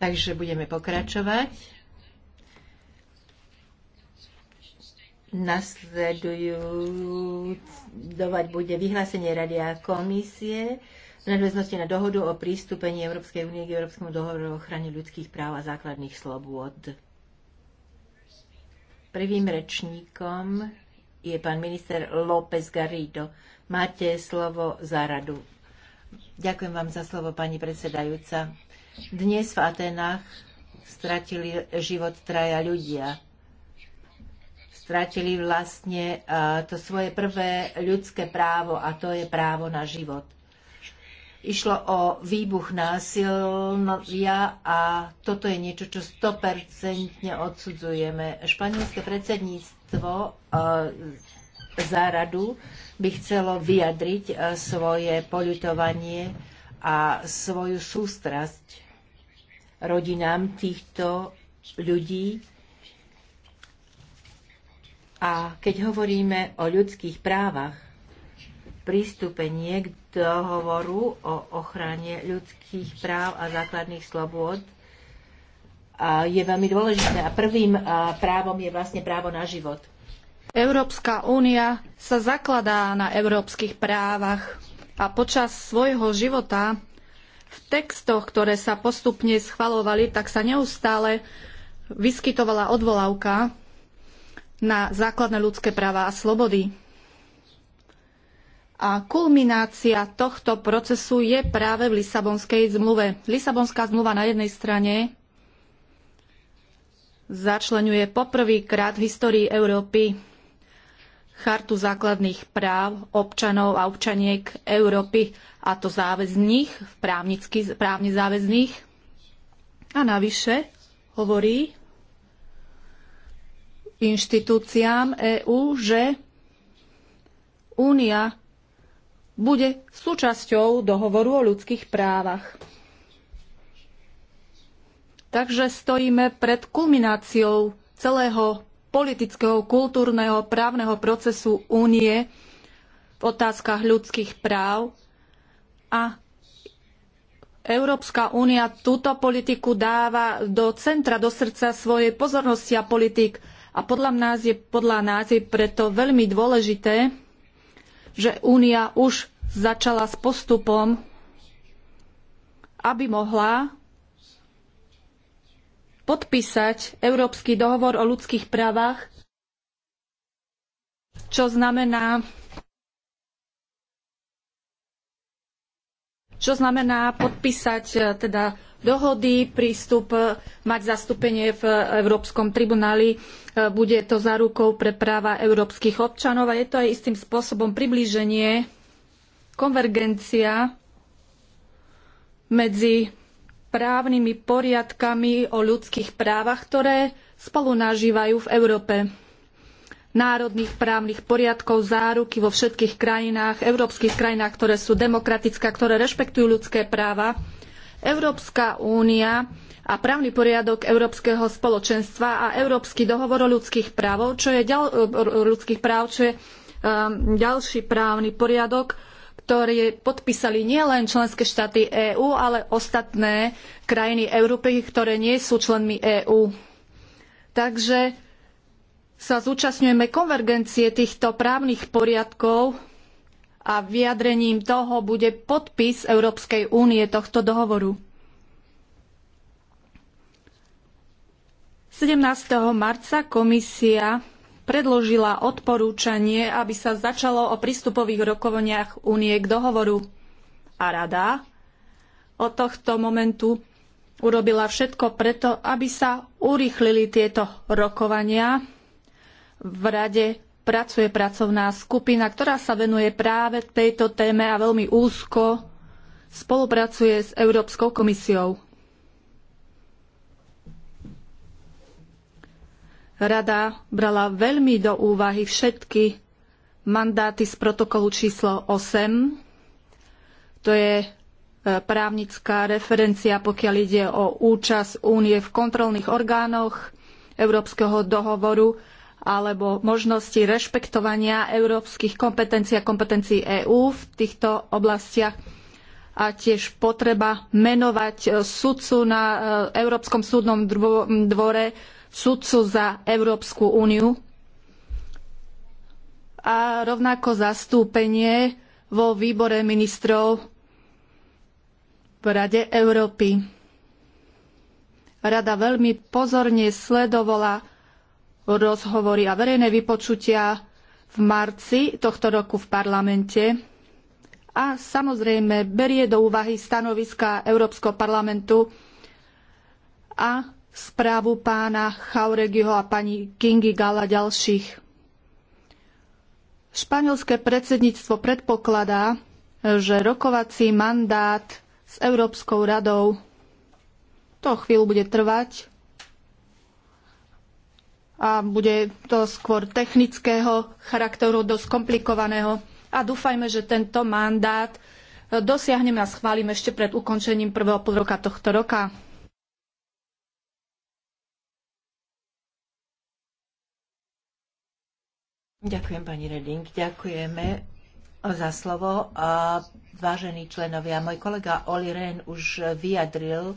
Takže budeme pokračovať. Nasledujúcovať bude vyhlásenie Rady a komisie v nadväznosti na dohodu o prístupení Európskej únie k Európskemu dohovoru o ochrane ľudských práv a základných slobôd. Prvým rečníkom je pán minister López Garrido. Máte slovo za radu. Ďakujem vám za slovo, pani predsedajúca. Dnes v Atenách stratili život traja ľudia. Stratili vlastne to svoje prvé ľudské právo a to je právo na život. Išlo o výbuch násilia a toto je niečo, čo 100% odsudzujeme. Španielské predsedníctvo za radu by chcelo vyjadriť e, svoje poľutovanie a svoju sústrasť rodinám týchto ľudí. A keď hovoríme o ľudských právach, prístupenie k dohovoru o ochrane ľudských práv a základných slobôd je veľmi dôležité. A prvým právom je vlastne právo na život. Európska únia sa zakladá na európskych právach a počas svojho života v textoch, ktoré sa postupne schvalovali, tak sa neustále vyskytovala odvolávka na základné ľudské práva a slobody. A kulminácia tohto procesu je práve v Lisabonskej zmluve. Lisabonská zmluva na jednej strane začlenuje poprvýkrát v histórii Európy chartu základných práv občanov a občaniek Európy, a to záväzných, právne záväzných. A navyše hovorí inštitúciám EÚ, že Únia bude súčasťou dohovoru o ľudských právach. Takže stojíme pred kulmináciou celého politického, kultúrneho, právneho procesu únie v otázkach ľudských práv a Európska únia túto politiku dáva do centra, do srdca svojej pozornosti a politik. A podľa nás je, podľa nás je preto veľmi dôležité, že únia už začala s postupom, aby mohla podpísať Európsky dohovor o ľudských právach, čo znamená čo znamená podpísať e, teda dohody, prístup, e, mať zastúpenie v Európskom tribunáli. E, bude to zárukou pre práva európskych občanov a je to aj istým spôsobom priblíženie, konvergencia medzi právnymi poriadkami o ľudských právach, ktoré spolu nažívajú v Európe. Národných právnych poriadkov záruky vo všetkých krajinách, európskych krajinách, ktoré sú demokratické, ktoré rešpektujú ľudské práva. Európska únia a právny poriadok Európskeho spoločenstva a Európsky dohovor o ľudských, práv, čo je, ďal, ľudských práv, čo je um, ďalší právny poriadok, ktoré podpísali nielen členské štáty EÚ, ale ostatné krajiny Európy, ktoré nie sú členmi EÚ. Takže sa zúčastňujeme konvergencie týchto právnych poriadkov a vyjadrením toho bude podpis Európskej únie tohto dohovoru. 17. marca komisia predložila odporúčanie, aby sa začalo o prístupových rokovaniach únie k dohovoru. A rada od tohto momentu urobila všetko preto, aby sa urýchlili tieto rokovania. V rade pracuje pracovná skupina, ktorá sa venuje práve tejto téme a veľmi úzko spolupracuje s Európskou komisiou. Rada brala veľmi do úvahy všetky mandáty z protokolu číslo 8. To je e, právnická referencia, pokiaľ ide o účasť únie v kontrolných orgánoch Európskeho dohovoru alebo možnosti rešpektovania európskych kompetencií a kompetencií EÚ v týchto oblastiach a tiež potreba menovať e, sudcu na e, Európskom súdnom dvore sudcu za Európsku úniu a rovnako zastúpenie vo výbore ministrov v Rade Európy. Rada veľmi pozorne sledovala rozhovory a verejné vypočutia v marci tohto roku v parlamente a samozrejme berie do úvahy stanoviska Európskeho parlamentu a správu pána Chauregiho a pani Kingy Gala ďalších. Španielské predsedníctvo predpokladá, že rokovací mandát s Európskou radou to chvíľu bude trvať a bude to skôr technického charakteru, dosť komplikovaného. A dúfajme, že tento mandát dosiahneme a schválime ešte pred ukončením prvého pol roka tohto roka. Ďakujem, pani Reding. Ďakujeme za slovo. A vážení členovia, môj kolega Oli Ren už vyjadril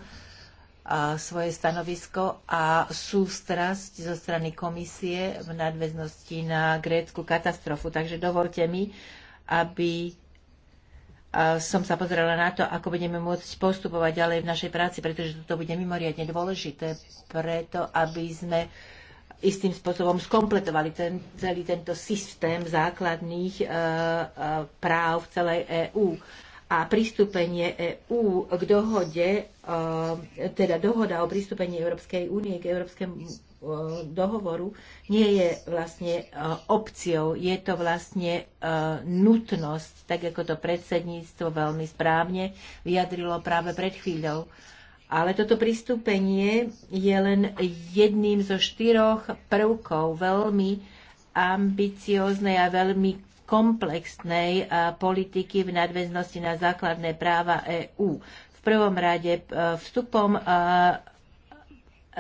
svoje stanovisko a sústrasť zo strany komisie v nadväznosti na grécku katastrofu. Takže dovolte mi, aby som sa pozrela na to, ako budeme môcť postupovať ďalej v našej práci, pretože toto bude mimoriadne dôležité preto, aby sme uh, istým spôsobom skompletovali ten, celý tento systém základných e, e, práv v celej EÚ. A pristúpenie EÚ k dohode, e, teda dohoda o pristúpení Európskej únie k Európskemu dohovoru nie je vlastne opciou, je to vlastne nutnosť, tak ako to predsedníctvo veľmi správne vyjadrilo práve pred chvíľou. Ale toto pristúpenie je len jedným zo štyroch prvkov veľmi ambicióznej a veľmi komplexnej politiky v nadväznosti na základné práva EÚ. V prvom rade e, vstupom e,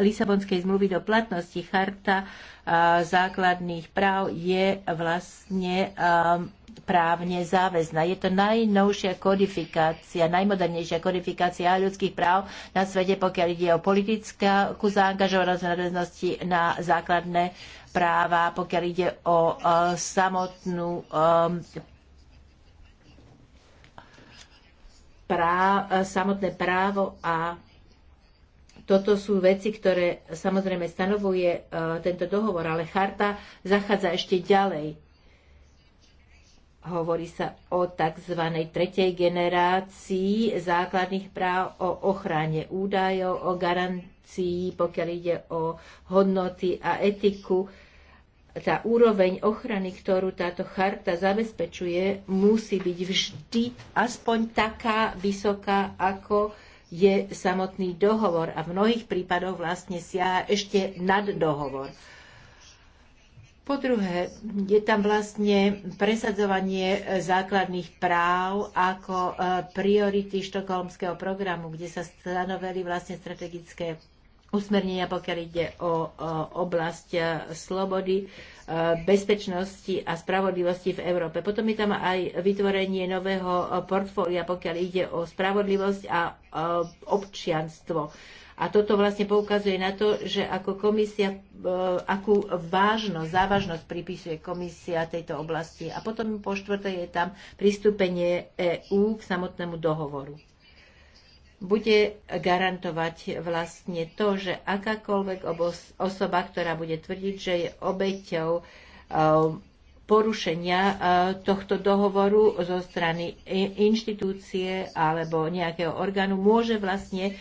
Lisabonskej zmluvy do platnosti charta e, základných práv je vlastne právne záväzná. Je to najnovšia kodifikácia, najmodernejšia kodifikácia ľudských práv na svete, pokiaľ ide o politickú zaangažovanosť nadväznosti na základné práva, pokiaľ ide o uh, samotnú um, uh, samotné právo a toto sú veci, ktoré samozrejme stanovuje uh, tento dohovor, ale charta zachádza ešte ďalej Hovorí sa o tzv. tretej generácii základných práv, o ochrane údajov, o garancii, pokiaľ ide o hodnoty a etiku. Tá úroveň ochrany, ktorú táto charta zabezpečuje, musí byť vždy aspoň taká vysoká, ako je samotný dohovor a v mnohých prípadoch vlastne siaha ešte nad dohovor. Po druhé, je tam vlastne presadzovanie e, základných práv ako e, priority štokholmského programu, kde sa stanovili vlastne strategické usmernenia, pokiaľ ide o oblasť e, slobody, bezpečnosti a spravodlivosti v Európe. Potom je tam aj vytvorenie nového portfólia, pokiaľ ide o spravodlivosť a občianstvo a toto vlastne poukazuje na to, že ako komisia, e, akú vážnosť, závažnosť pripisuje komisia tejto oblasti. A potom po štvrté je tam pristúpenie EÚ k samotnému dohovoru. Bude garantovať vlastne to, že akákoľvek osoba, ktorá bude tvrdiť, že je obeťou e, porušenia e, tohto dohovoru zo strany inštitúcie alebo nejakého orgánu môže vlastne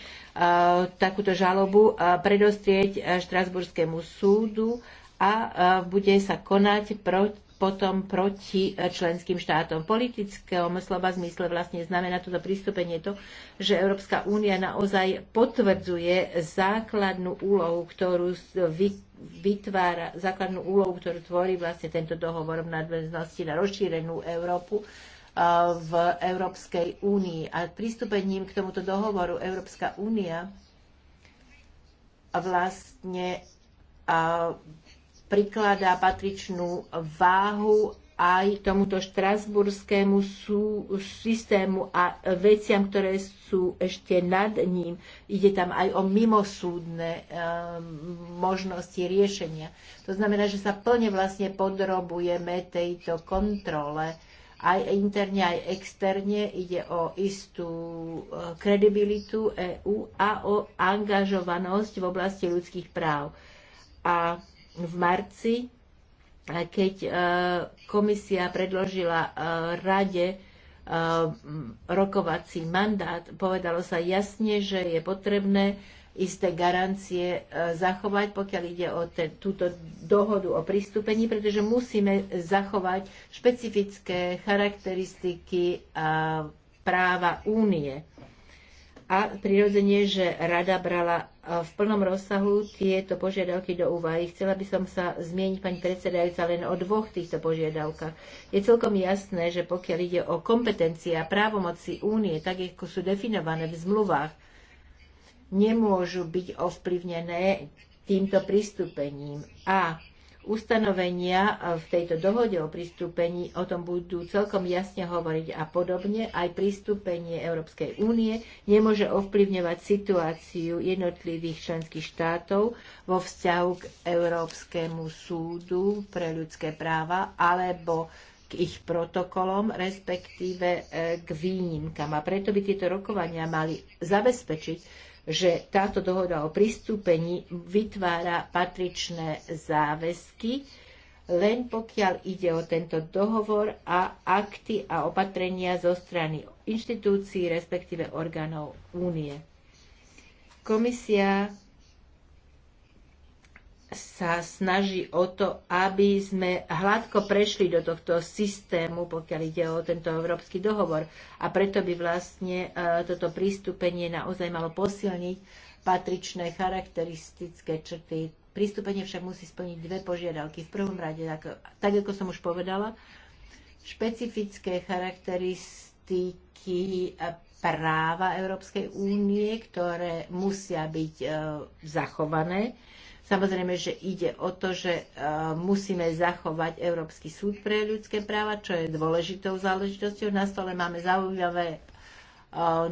takúto žalobu predostrieť e, Štrasburskému súdu a e, bude sa konať proti potom proti e, členským štátom. V politickom slova zmysle vlastne znamená toto pristúpenie to, že Európska únia naozaj potvrdzuje základnú úlohu, ktorú vytvára, základnú úlohu, ktorú tvorí vlastne tento dohovor v nadväznosti na rozšírenú Európu v Európskej únii. A pristúpením k tomuto dohovoru Európska únia vlastne prikladá patričnú váhu aj tomuto štrasburskému sú, systému a veciam, ktoré sú ešte nad ním. Ide tam aj o mimosúdne um, možnosti riešenia. To znamená, že sa plne vlastne podrobujeme tejto kontrole aj interne, aj externe. Ide o istú e, kredibilitu EÚ a o angažovanosť v oblasti ľudských práv. A v marci, e, keď e, komisia predložila rade rokovací mandát, povedalo sa jasne, že je potrebné isté garancie e, zachovať, pokiaľ ide o te, túto dohodu o pristúpení, pretože musíme zachovať špecifické charakteristiky a práva únie. A prirodzene, že rada brala e, v plnom rozsahu tieto požiadavky do úvahy. Chcela by som sa zmieniť, pani predsedajúca, len o dvoch týchto požiadavkách. Je celkom jasné, že pokiaľ ide o kompetencie a právomoci únie, tak ako sú definované v zmluvách, nemôžu byť ovplyvnené týmto pristúpením. A ustanovenia v tejto dohode o pristúpení o tom budú celkom jasne hovoriť a podobne. Aj pristúpenie Európskej únie nemôže ovplyvňovať situáciu jednotlivých členských štátov vo vzťahu k Európskemu súdu pre ľudské práva alebo k ich protokolom, respektíve e, k výnimkám. A preto by tieto rokovania mali zabezpečiť, že táto dohoda o pristúpení vytvára patričné záväzky, len pokiaľ ide o tento dohovor a akty a opatrenia zo strany inštitúcií, respektíve orgánov únie. Komisia sa snaží o to, aby sme hladko prešli do tohto systému, pokiaľ ide o tento európsky dohovor. A preto by vlastne e, toto prístupenie naozaj malo posilniť patričné charakteristické črty. Prístupenie však musí splniť dve požiadavky. V prvom rade, tak, tak ako som už povedala, špecifické charakteristiky práva Európskej únie, ktoré musia byť e, zachované Samozrejme, že ide o to, že e, musíme zachovať Európsky súd pre ľudské práva, čo je dôležitou záležitosťou. Na stole máme zaujímavé e,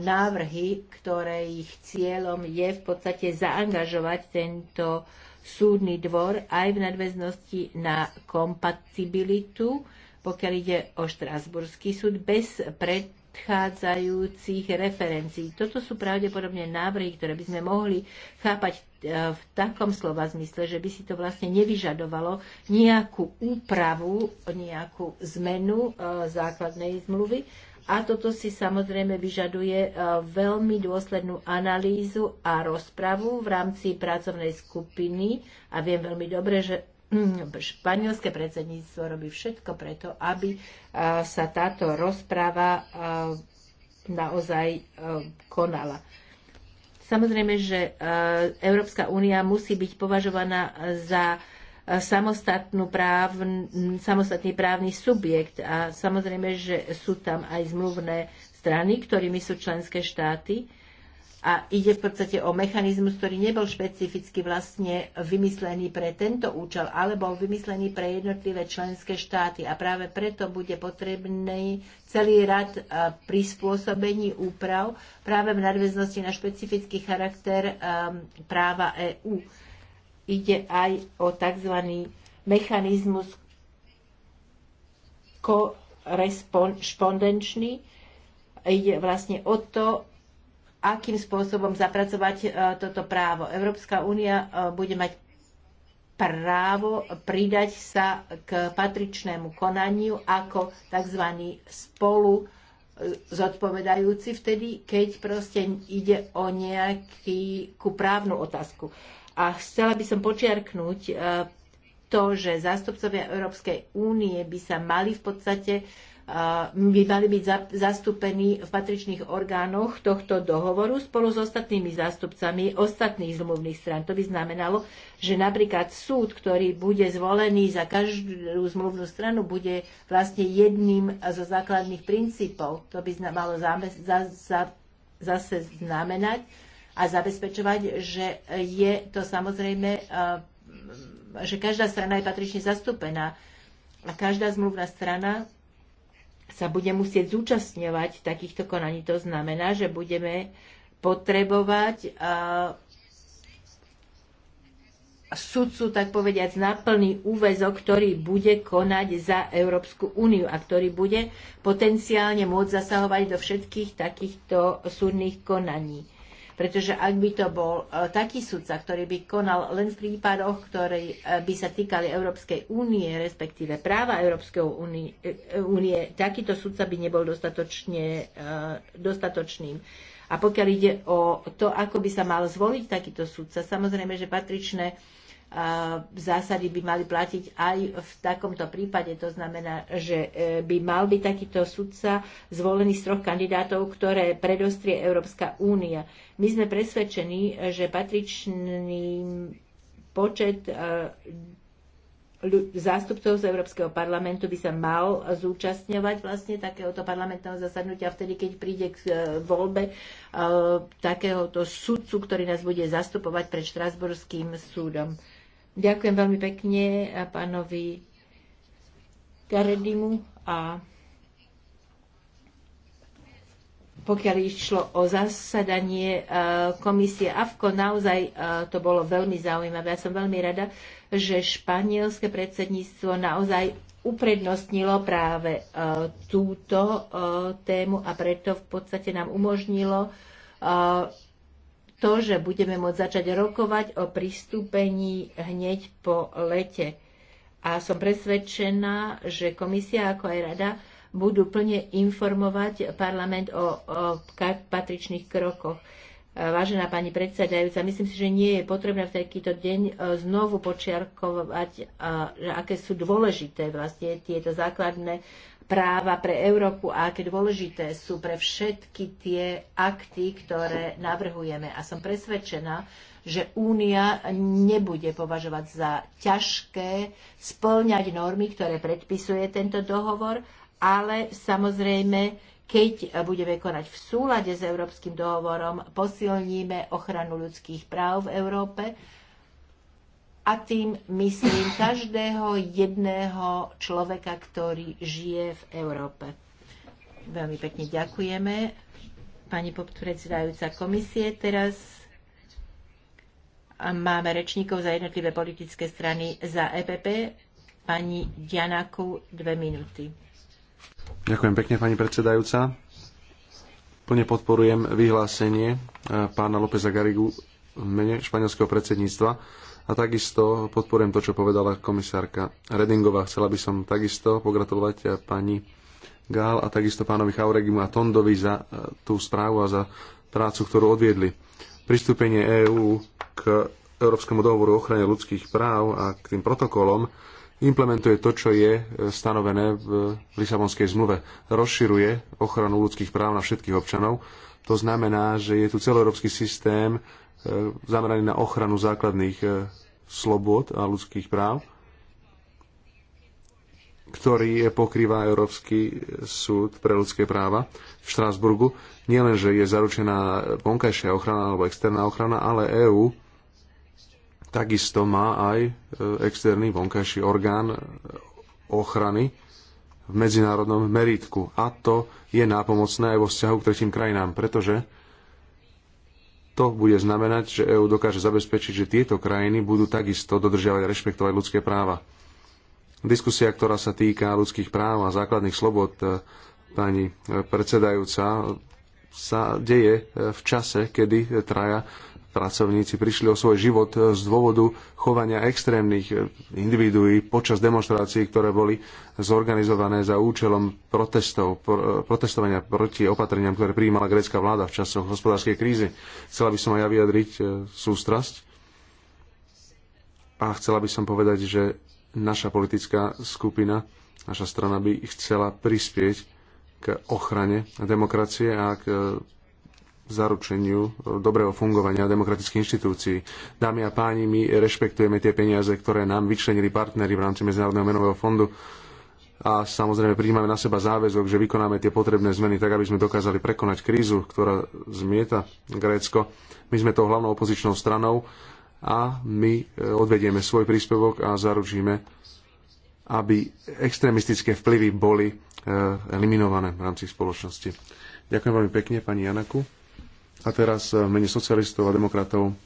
návrhy, ktoré ich cieľom je v podstate zaangažovať tento súdny dvor aj v nadväznosti na kompatibilitu, pokiaľ ide o Štrasburský súd, bez pred predchádzajúcich referencií. Toto sú pravdepodobne návrhy, ktoré by sme mohli chápať e, v takom slova zmysle, že by si to vlastne nevyžadovalo nejakú úpravu, nejakú zmenu e, základnej zmluvy, a toto si samozrejme vyžaduje e, veľmi dôslednú analýzu a rozpravu v rámci pracovnej skupiny. A viem veľmi dobre, že Mm, španielské predsedníctvo robí všetko preto, aby sa táto rozpráva naozaj konala. Samozrejme, že Európska únia musí byť považovaná za samostatnú samostatný právny subjekt a samozrejme, že sú tam aj zmluvné strany, ktorými sú členské štáty a ide v podstate o mechanizmus, ktorý nebol špecificky vlastne vymyslený pre tento účel, ale bol vymyslený pre jednotlivé členské štáty. A práve preto bude potrebný celý rad e, prispôsobení úprav práve v nadväznosti na špecifický charakter e, práva EÚ. Ide aj o tzv. mechanizmus korespondenčný. ide vlastne o to, akým spôsobom zapracovať e, toto právo. Európska únia e, bude mať právo pridať sa k patričnému konaniu ako tzv. spolu e, zodpovedajúci vtedy, keď proste ide o nejakú právnu otázku. A chcela by som počiarknúť to, že zástupcovia Európskej únie by sa mali v podstate by mali byť zastúpení v patričných orgánoch tohto dohovoru spolu s ostatnými zástupcami ostatných zmluvných strán. To by znamenalo, že napríklad súd, ktorý bude zvolený za každú zmluvnú stranu, bude vlastne jedným zo základných princípov. To by malo zase znamenať a zabezpečovať, že je to samozrejme, že každá strana je patrične zastúpená a každá zmluvná strana sa bude musieť zúčastňovať takýchto konaní. To znamená, že budeme potrebovať sudcu, tak povediať, na plný úvezok, ktorý bude konať za Európsku úniu a ktorý bude potenciálne môcť zasahovať do všetkých takýchto súdnych konaní. Pretože ak by to bol e, taký sudca, ktorý by konal len v prípadoch, ktoré e, by sa týkali Európskej únie, respektíve práva Európskej únie, e, takýto sudca by nebol dostatočne, dostatočným. A pokiaľ ide o to, ako by sa mal zvoliť takýto sudca, samozrejme, že patričné zásady by mali platiť aj v takomto prípade. To znamená, že e, by mal byť takýto sudca zvolený z troch kandidátov, ktoré predostrie Európska únia. My sme presvedčení, že patričný počet e, zástupcov z Európskeho parlamentu by sa mal zúčastňovať vlastne takéhoto parlamentného zasadnutia vtedy, keď príde k e, voľbe takéhoto sudcu, ktorý nás bude zastupovať pred Štrasburským súdom. Ďakujem veľmi pekne pánovi Garedimu a pokiaľ išlo o zasadanie e, komisie AFKO, naozaj e, to bolo veľmi zaujímavé. Ja som veľmi rada, že španielské predsedníctvo naozaj uprednostnilo práve e, túto tému a preto v podstate nám umožnilo to, že budeme môcť začať rokovať o pristúpení hneď po lete. A som presvedčená, že komisia ako aj rada budú plne informovať parlament o, o patričných krokoch. Vážená pani predsedajúca, myslím si, že nie je potrebné v takýto deň e, znovu počiarkovať, e, že aké sú dôležité vlastne tieto základné práva pre Európu a aké dôležité sú pre všetky tie akty, ktoré navrhujeme. A som presvedčená, že Únia nebude považovať za ťažké splňať normy, ktoré predpisuje tento dohovor, ale samozrejme, keď budeme konať v súlade s Európskym dohovorom, posilníme ochranu ľudských práv v Európe a tým myslím každého jedného človeka, ktorý žije v Európe. Veľmi pekne ďakujeme. Pani podpredsedajúca komisie, teraz máme rečníkov za jednotlivé politické strany za EPP. Pani Dianaku, dve minúty. Ďakujem pekne, pani predsedajúca. Plne podporujem vyhlásenie eh, pána Lópeza Garigu v mene španielského predsedníctva a takisto podporujem to, čo povedala komisárka Redingová. Chcela by som takisto pogratulovať eh, pani Gál a takisto pánovi Chauregimu a Tondovi za eh, tú správu a za prácu, ktorú odviedli. Pristúpenie EÚ k Európskemu dohovoru o ochrane ľudských práv a k tým protokolom implementuje to, čo je eh, stanovené v Lisabonskej zmluve. Rozširuje ochranu ľudských práv na všetkých občanov. To znamená, že je tu celoeurópsky systém zameraný na ochranu základných e, slobod a ľudských práv, ktorý pokrýva Európsky súd pre ľudské práva v Štrásburgu. že je zaručená vonkajšia ochrana alebo externá ochrana, ale EÚ takisto má aj e, externý vonkajší orgán ochrany v medzinárodnom meritku. A to je nápomocné aj vo vzťahu k tretím krajinám, pretože to bude znamenať, že EÚ dokáže zabezpečiť, že tieto krajiny budú takisto dodržiavať a rešpektovať ľudské práva. Diskusia, ktorá sa týka ľudských práv a základných slobod, e, pani e, predsedajúca, sa deje e, v čase, kedy traja pracovníci prišli o svoj život e, z dôvodu chovania extrémnych e, individuí počas demonstrácií, ktoré boli zorganizované za účelom protestov, e, protestovania proti opatreniam, ktoré prijímala grécka vláda v časoch hospodárskej krízy. Chcela by som aj ja vyjadriť sústrasť a chcela by som povedať, že naša politická skupina, naša strana by chcela prispieť k ochrane demokracie a k zaručeniu e, dobrého fungovania demokratických inštitúcií. Dámy a páni, my rešpektujeme tie peniaze, ktoré nám vyčlenili partnery v rámci Medzinárodného menového fondu a samozrejme prijímame na seba záväzok, že vykonáme tie potrebné zmeny tak, aby sme dokázali prekonať krízu, ktorá zmieta Grécko. My sme tou hlavnou opozičnou stranou a my e, odvedieme svoj príspevok a zaručíme, aby extrémistické vplyvy boli e, eliminované v rámci spoločnosti. Ďakujem veľmi pekne, pani Janaku. A teraz eh, v mene socialistov a demokratov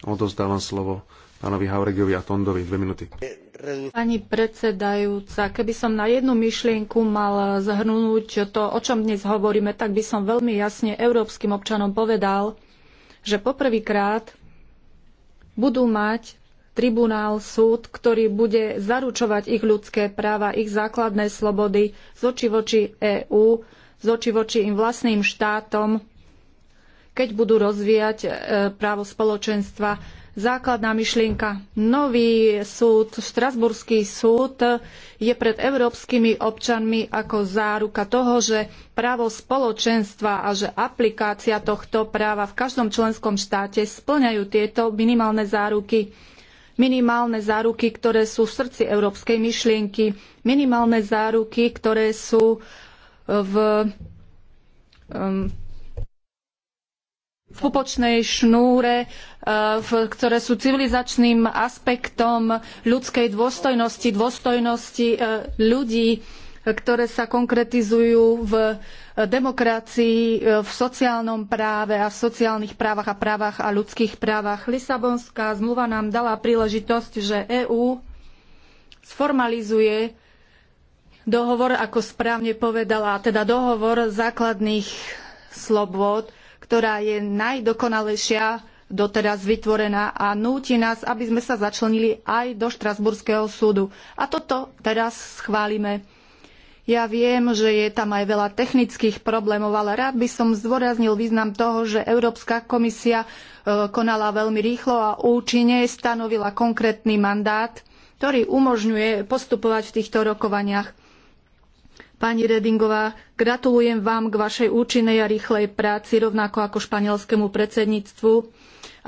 odozdávam slovo pánovi Havregovi a Tondovi. Dve minúty. Pani predsedajúca, keby som na jednu myšlienku mal eh, zhrnúť to, o čom dnes hovoríme, tak by som veľmi jasne európskym občanom povedal, že poprvýkrát budú mať tribunál, súd, ktorý bude zaručovať ich ľudské práva, ich základné slobody z oči voči EÚ, z oči voči im vlastným štátom, keď budú rozvíjať e, právo spoločenstva. Základná myšlienka. Nový súd, Štrasburský súd, je pred európskymi občanmi ako záruka toho, že právo spoločenstva a že aplikácia tohto práva v každom členskom štáte splňajú tieto minimálne záruky minimálne záruky, ktoré sú v srdci európskej myšlienky, minimálne záruky, ktoré sú v um, v pupočnej šnúre, e, ktoré sú civilizačným aspektom ľudskej dôstojnosti, dôstojnosti e, ľudí, ktoré sa konkretizujú v e, demokracii, v sociálnom práve a v sociálnych právach a právach a ľudských právach. Lisabonská zmluva nám dala príležitosť, že EÚ sformalizuje dohovor, ako správne povedala, teda dohovor základných slobôd, ktorá je najdokonalejšia doteraz vytvorená a núti nás, aby sme sa začlenili aj do Štrasburského súdu. A toto teraz schválime. Ja viem, že je tam aj veľa technických problémov, ale rád by som zdôraznil význam toho, že Európska komisia e, konala veľmi rýchlo a účinne stanovila konkrétny mandát, ktorý umožňuje postupovať v týchto rokovaniach. Pani Redingová, gratulujem vám k vašej účinnej a rýchlej práci, rovnako ako španielskému predsedníctvu.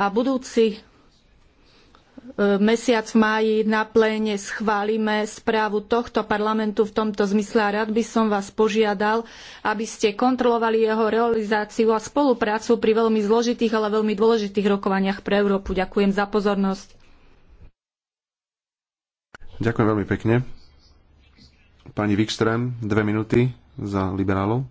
A budúci e, mesiac v máji na pléne schválime správu tohto parlamentu v tomto zmysle a rád by som vás požiadal, aby ste kontrolovali jeho realizáciu a spoluprácu pri veľmi zložitých, ale veľmi dôležitých rokovaniach pre Európu. Ďakujem za pozornosť. Ďakujem veľmi pekne. Pani Wikström, dve minúty za liberálov. E,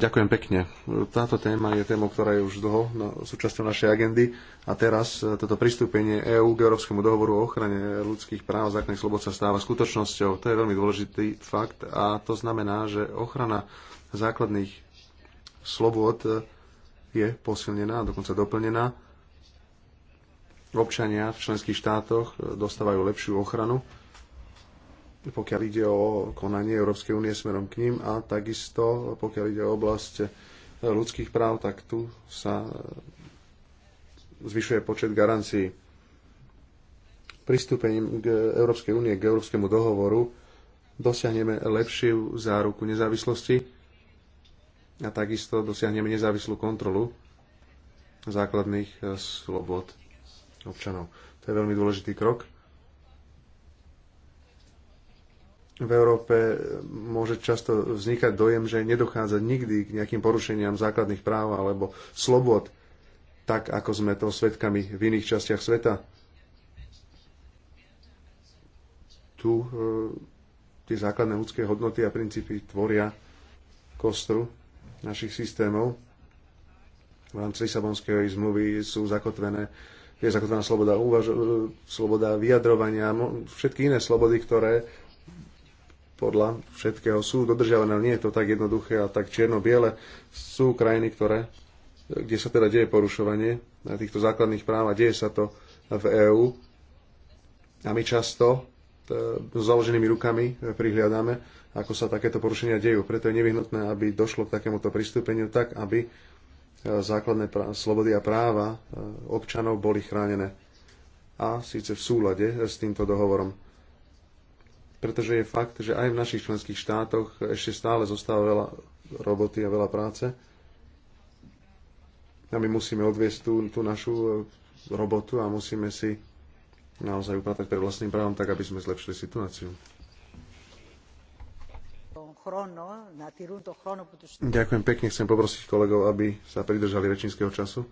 ďakujem pekne. Táto téma je téma, ktorá je už dlho súčasťou našej agendy a teraz e, toto pristúpenie EÚ k Európskemu dohovoru o ochrane ľudských práv a základných slobod sa stáva skutočnosťou. To je veľmi dôležitý fakt a to znamená, že ochrana základných slobod e, je posilnená, dokonca doplnená. Občania v členských štátoch e, dostávajú lepšiu ochranu, pokiaľ ide o konanie Európskej únie smerom k ním a takisto, pokiaľ ide o oblasť e, ľudských práv, tak tu sa e, zvyšuje počet garancií. Pristúpením k Európskej únie, k Európskemu dohovoru dosiahneme lepšiu záruku nezávislosti a takisto dosiahneme nezávislú kontrolu základných e, slobod občanov. To je veľmi dôležitý krok. V Európe môže často vznikať dojem, že nedochádza nikdy k nejakým porušeniam základných práv alebo slobod, tak ako sme to svetkami v iných častiach sveta. Tu e, tie základné ľudské hodnoty a princípy tvoria kostru našich systémov. V rámci Lisabonskej zmluvy sú zakotvené je zakotvená sloboda, uvaž- sloboda vyjadrovania, všetky iné slobody, ktoré podľa všetkého sú dodržiavané, ale nie je to tak jednoduché a tak čierno-biele. Sú krajiny, ktoré, kde sa teda deje porušovanie na týchto základných práv a deje sa to v EÚ. A my často e, s založenými rukami e, prihliadame ako sa takéto porušenia dejú. Preto je nevyhnutné, aby došlo k takémuto pristúpeniu tak, aby e, základné slobody a práva e, občanov boli chránené. A síce v súlade e, s týmto dohovorom. Pretože je fakt, že aj v našich členských štátoch ešte stále zostáva veľa roboty a veľa práce. A my musíme odviesť tú, tú našu robotu a musíme si naozaj upratať pred vlastným právom tak, aby sme zlepšili situáciu. Ďakujem pekne, chcem poprosiť kolegov, aby sa pridržali rečníckého času.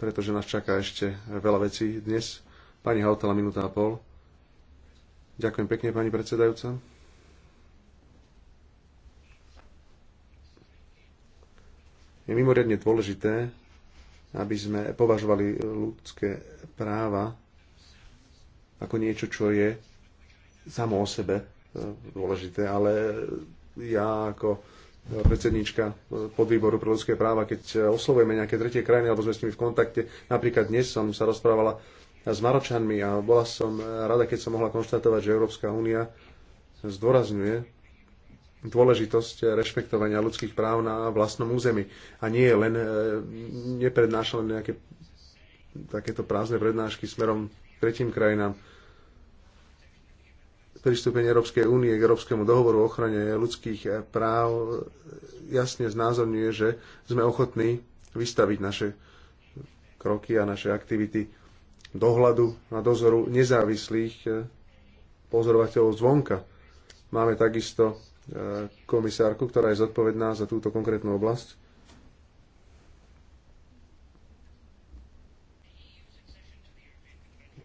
pretože nás čaká ešte veľa vecí dnes. Pani Hautala, minúta a pol. Ďakujem pekne, pani predsedajúca. Je mimoriadne dôležité, aby sme považovali ľudské práva ako niečo, čo je samo o sebe e, dôležité, ale ja ako predsednička e, podvýboru pre ľudské práva, keď oslovujeme nejaké tretie krajiny alebo sme s nimi v kontakte, napríklad dnes som sa rozprávala s Maročanmi a bola som rada, keď som mohla konštatovať, že Európska únia zdôrazňuje dôležitosť rešpektovania ľudských práv na vlastnom území. A nie je len, e, neprednáša len nejaké takéto prázdne prednášky smerom k tretím krajinám pristúpenie Európskej únie k Európskemu dohovoru o ochrane ľudských práv jasne znázorňuje, že sme ochotní vystaviť naše kroky a naše aktivity dohľadu a dozoru nezávislých pozorovateľov zvonka. Máme takisto eh, komisárku, ktorá je zodpovedná za túto konkrétnu oblasť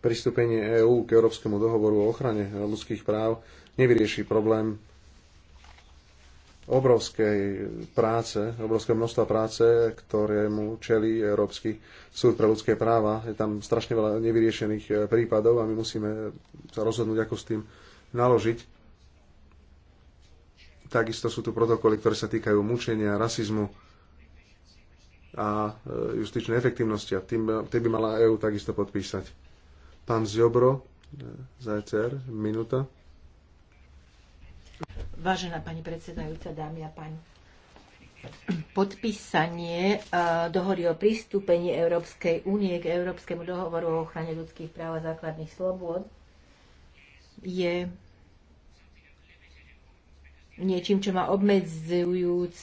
pristúpenie EÚ k Európskemu dohovoru o ochrane ľudských práv nevyrieši problém obrovskej práce, obrovského množstva práce, ktorému čelí Európsky súd pre ľudské práva. Je tam strašne veľa nevyriešených eh, prípadov a my musíme sa rozhodnúť, ako s tým naložiť. Takisto sú tu protokoly, ktoré sa týkajú mučenia, rasizmu a eh, justičnej efektívnosti a tým, eh, tým by mala EÚ takisto podpísať. Pán Zjobro, Zajcer, e minúta. Vážená pani predsedajúca, dámy a páni. Podpísanie e, dohody o pristúpení Európskej únie k Európskemu dohovoru o ochrane ľudských práv a základných slobôd je niečím, čo má obmedzujúc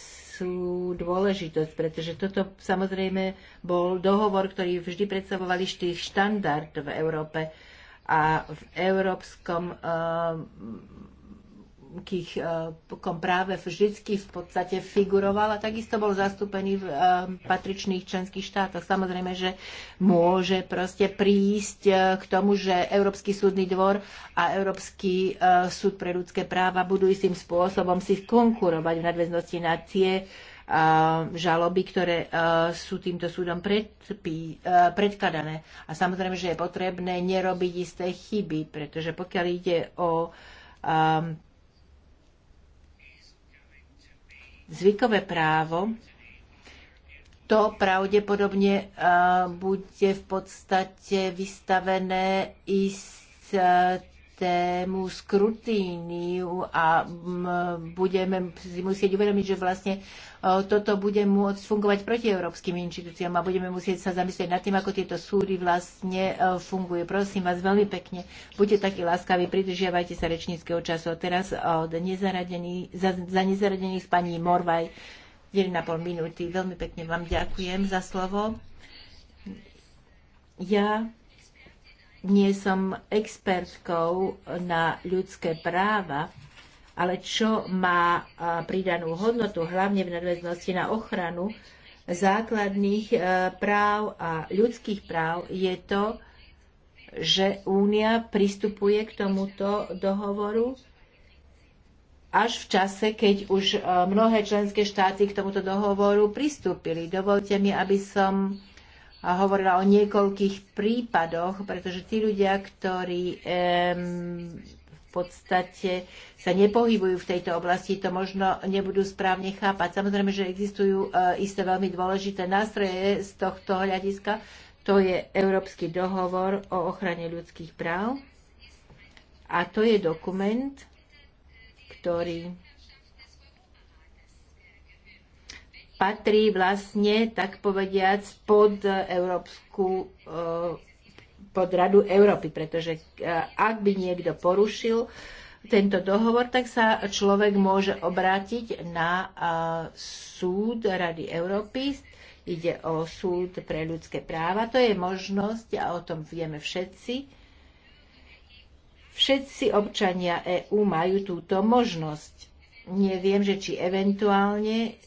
svoju dôležitosť, pretože toto samozrejme bol dohovor, ktorý vždy predstavoval istý štandard v Európe a v európskom Eh, kom práve vždycky v podstate figuroval a takisto bol zastúpený v eh, patričných členských štátoch. Samozrejme, že môže proste prísť eh, k tomu, že Európsky súdny dvor a Európsky súd pre ľudské práva budú istým spôsobom si konkurovať v nadväznosti na tie žaloby, ktoré sú týmto súdom predpí, predkladané. A samozrejme, že je potrebné nerobiť isté chyby, pretože pokiaľ ide o zvykové právo, to pravdepodobne e, bude v podstate vystavené i s systému skrutíniu a budeme si musieť uvedomiť, že vlastne e, toto bude môcť fungovať proti európskym inštitúciám a budeme musieť sa zamyslieť nad tým, ako tieto súdy vlastne e, fungujú. Prosím vás veľmi pekne, buďte takí láskaví, pridržiavajte sa rečníckého času. A teraz e, od nezaradených, za, za nezaradených pani Morvaj 1,5 minúty. Veľmi pekne vám ďakujem za slovo. Ja nie som expertkou na ľudské práva, ale čo má pridanú hodnotu, hlavne v nadväznosti na ochranu základných e, práv a ľudských práv, je to, že Únia pristupuje k tomuto dohovoru až v čase, keď už e, mnohé členské štáty k tomuto dohovoru pristúpili. Dovolte mi, aby som a hovorila o niekoľkých prípadoch, pretože tí ľudia, ktorí v podstate sa nepohybujú v tejto oblasti, to možno nebudú správne chápať. Samozrejme, že existujú e, isté veľmi dôležité nástroje z tohto hľadiska. To je Európsky dohovor o ochrane ľudských práv. A to je dokument, ktorý patrí vlastne, tak povediac, pod Európsku e, pod Radu Európy, pretože e, ak by niekto porušil tento dohovor, tak sa človek môže obrátiť na e, súd Rady Európy. Ide o súd pre ľudské práva. To je možnosť a o tom vieme všetci. Všetci občania EÚ majú túto možnosť. Neviem, že či eventuálne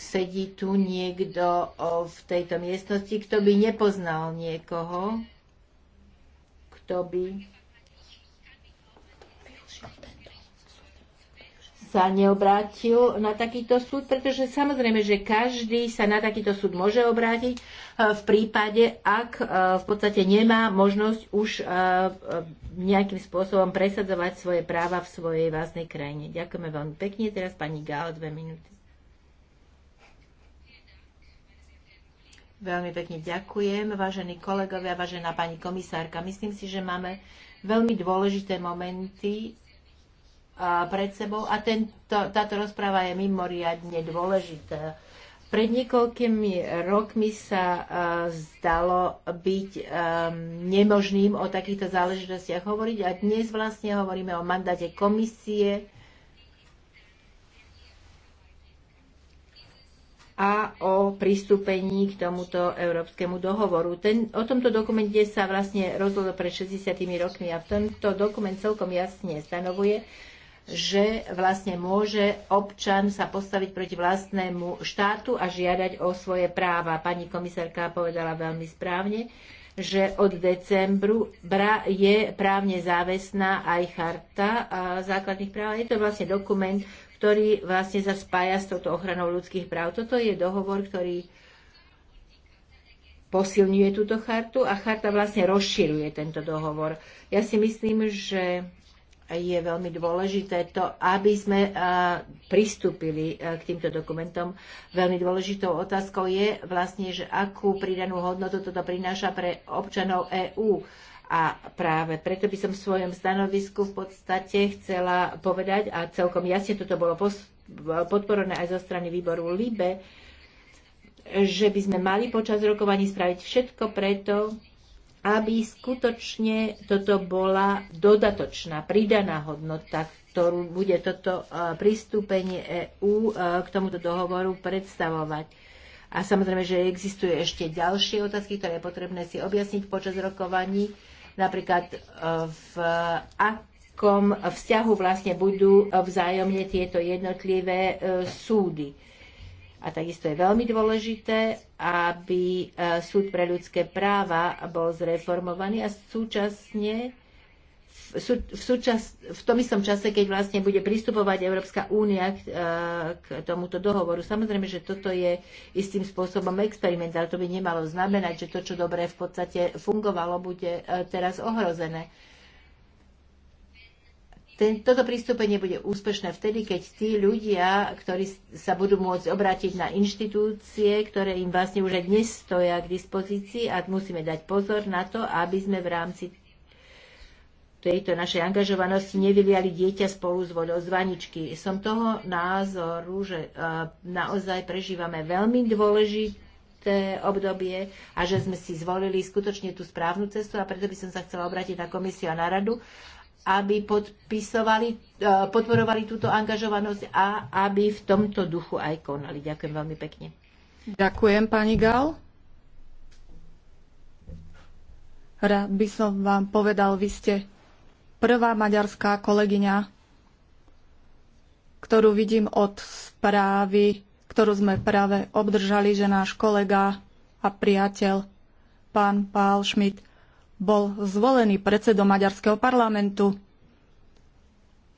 sedí tu niekto v tejto miestnosti, kto by nepoznal niekoho, kto by sa neobrátil na takýto súd, pretože samozrejme, že každý sa na takýto súd môže obrátiť e, v prípade, ak e, v podstate nemá možnosť už e, nejakým spôsobom presadzovať svoje práva v svojej vlastnej krajine. Ďakujeme veľmi pekne. Teraz pani Gál, dve minúty. Veľmi pekne ďakujem, vážení kolegovia, vážená pani komisárka. Myslím si, že máme veľmi dôležité momenty pred sebou a tento, táto rozpráva je mimoriadne dôležitá. Pred niekoľkými rokmi sa uh, zdalo byť um, nemožným o takýchto záležitostiach hovoriť a dnes vlastne hovoríme o mandáte komisie a o pristúpení k tomuto európskemu dohovoru. Ten, o tomto dokumente sa vlastne rozhodlo pred 60 rokmi a tento dokument celkom jasne stanovuje, že vlastne môže občan sa postaviť proti vlastnému štátu a žiadať o svoje práva. Pani komisárka povedala veľmi správne, že od decembru je právne záväzná aj charta základných práv. Je to vlastne dokument, ktorý vlastne sa spája s touto ochranou ľudských práv. Toto je dohovor, ktorý posilňuje túto chartu a charta vlastne rozširuje tento dohovor. Ja si myslím, že je veľmi dôležité to, aby sme pristúpili k týmto dokumentom. Veľmi dôležitou otázkou je vlastne, že akú pridanú hodnotu toto prináša pre občanov EÚ a práve preto by som v svojom stanovisku v podstate chcela povedať, a celkom jasne toto bolo podporené aj zo strany výboru LIBE, že by sme mali počas rokovaní spraviť všetko preto, aby skutočne toto bola dodatočná, pridaná hodnota, ktorú bude toto e, pristúpenie EÚ e, k tomuto dohovoru predstavovať. A samozrejme, že existujú ešte ďalšie otázky, ktoré je potrebné si objasniť počas rokovaní napríklad e, v akom vzťahu vlastne budú vzájomne tieto jednotlivé e, súdy. A takisto je veľmi dôležité, aby e, súd pre ľudské práva bol zreformovaný a súčasne v, súčas, v tom istom čase, keď vlastne bude pristupovať Európska únia k, e, k tomuto dohovoru. Samozrejme, že toto je istým spôsobom experiment, ale to by nemalo znamenať, že to, čo dobre v podstate fungovalo, bude e, teraz ohrozené. Ten, toto pristúpenie bude úspešné vtedy, keď tí ľudia, ktorí sa budú môcť obrátiť na inštitúcie, ktoré im vlastne už aj dnes stoja k dispozícii a musíme dať pozor na to, aby sme v rámci tejto našej angažovanosti nevyliali dieťa spolu s vodou z vaničky. Som toho názoru, že e, naozaj prežívame veľmi dôležité obdobie a že sme si zvolili skutočne tú správnu cestu a preto by som sa chcela obrátiť na komisiu a na radu, aby podpisovali, e, podporovali túto angažovanosť a aby v tomto duchu aj konali. Ďakujem veľmi pekne. Ďakujem, pani Gal. Rád by som vám povedal, vy ste prvá maďarská kolegyňa, ktorú vidím od správy, ktorú sme práve obdržali, že náš kolega a priateľ, pán Pál Šmit, bol zvolený predsedom maďarského parlamentu.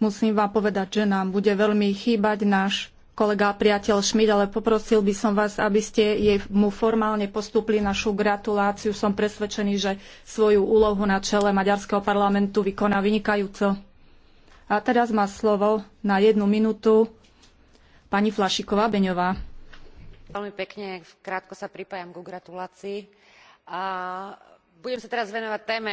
Musím vám povedať, že nám bude veľmi chýbať náš kolega a priateľ Šmid, ale poprosil by som vás, aby ste jej mu formálne postupili našu gratuláciu. Som presvedčený, že svoju úlohu na čele Maďarského parlamentu vykoná vynikajúco. A teraz má slovo na jednu minútu pani Flašiková Beňová. Veľmi pekne, krátko sa pripájam ku gratulácii. A budem sa teraz venovať téme,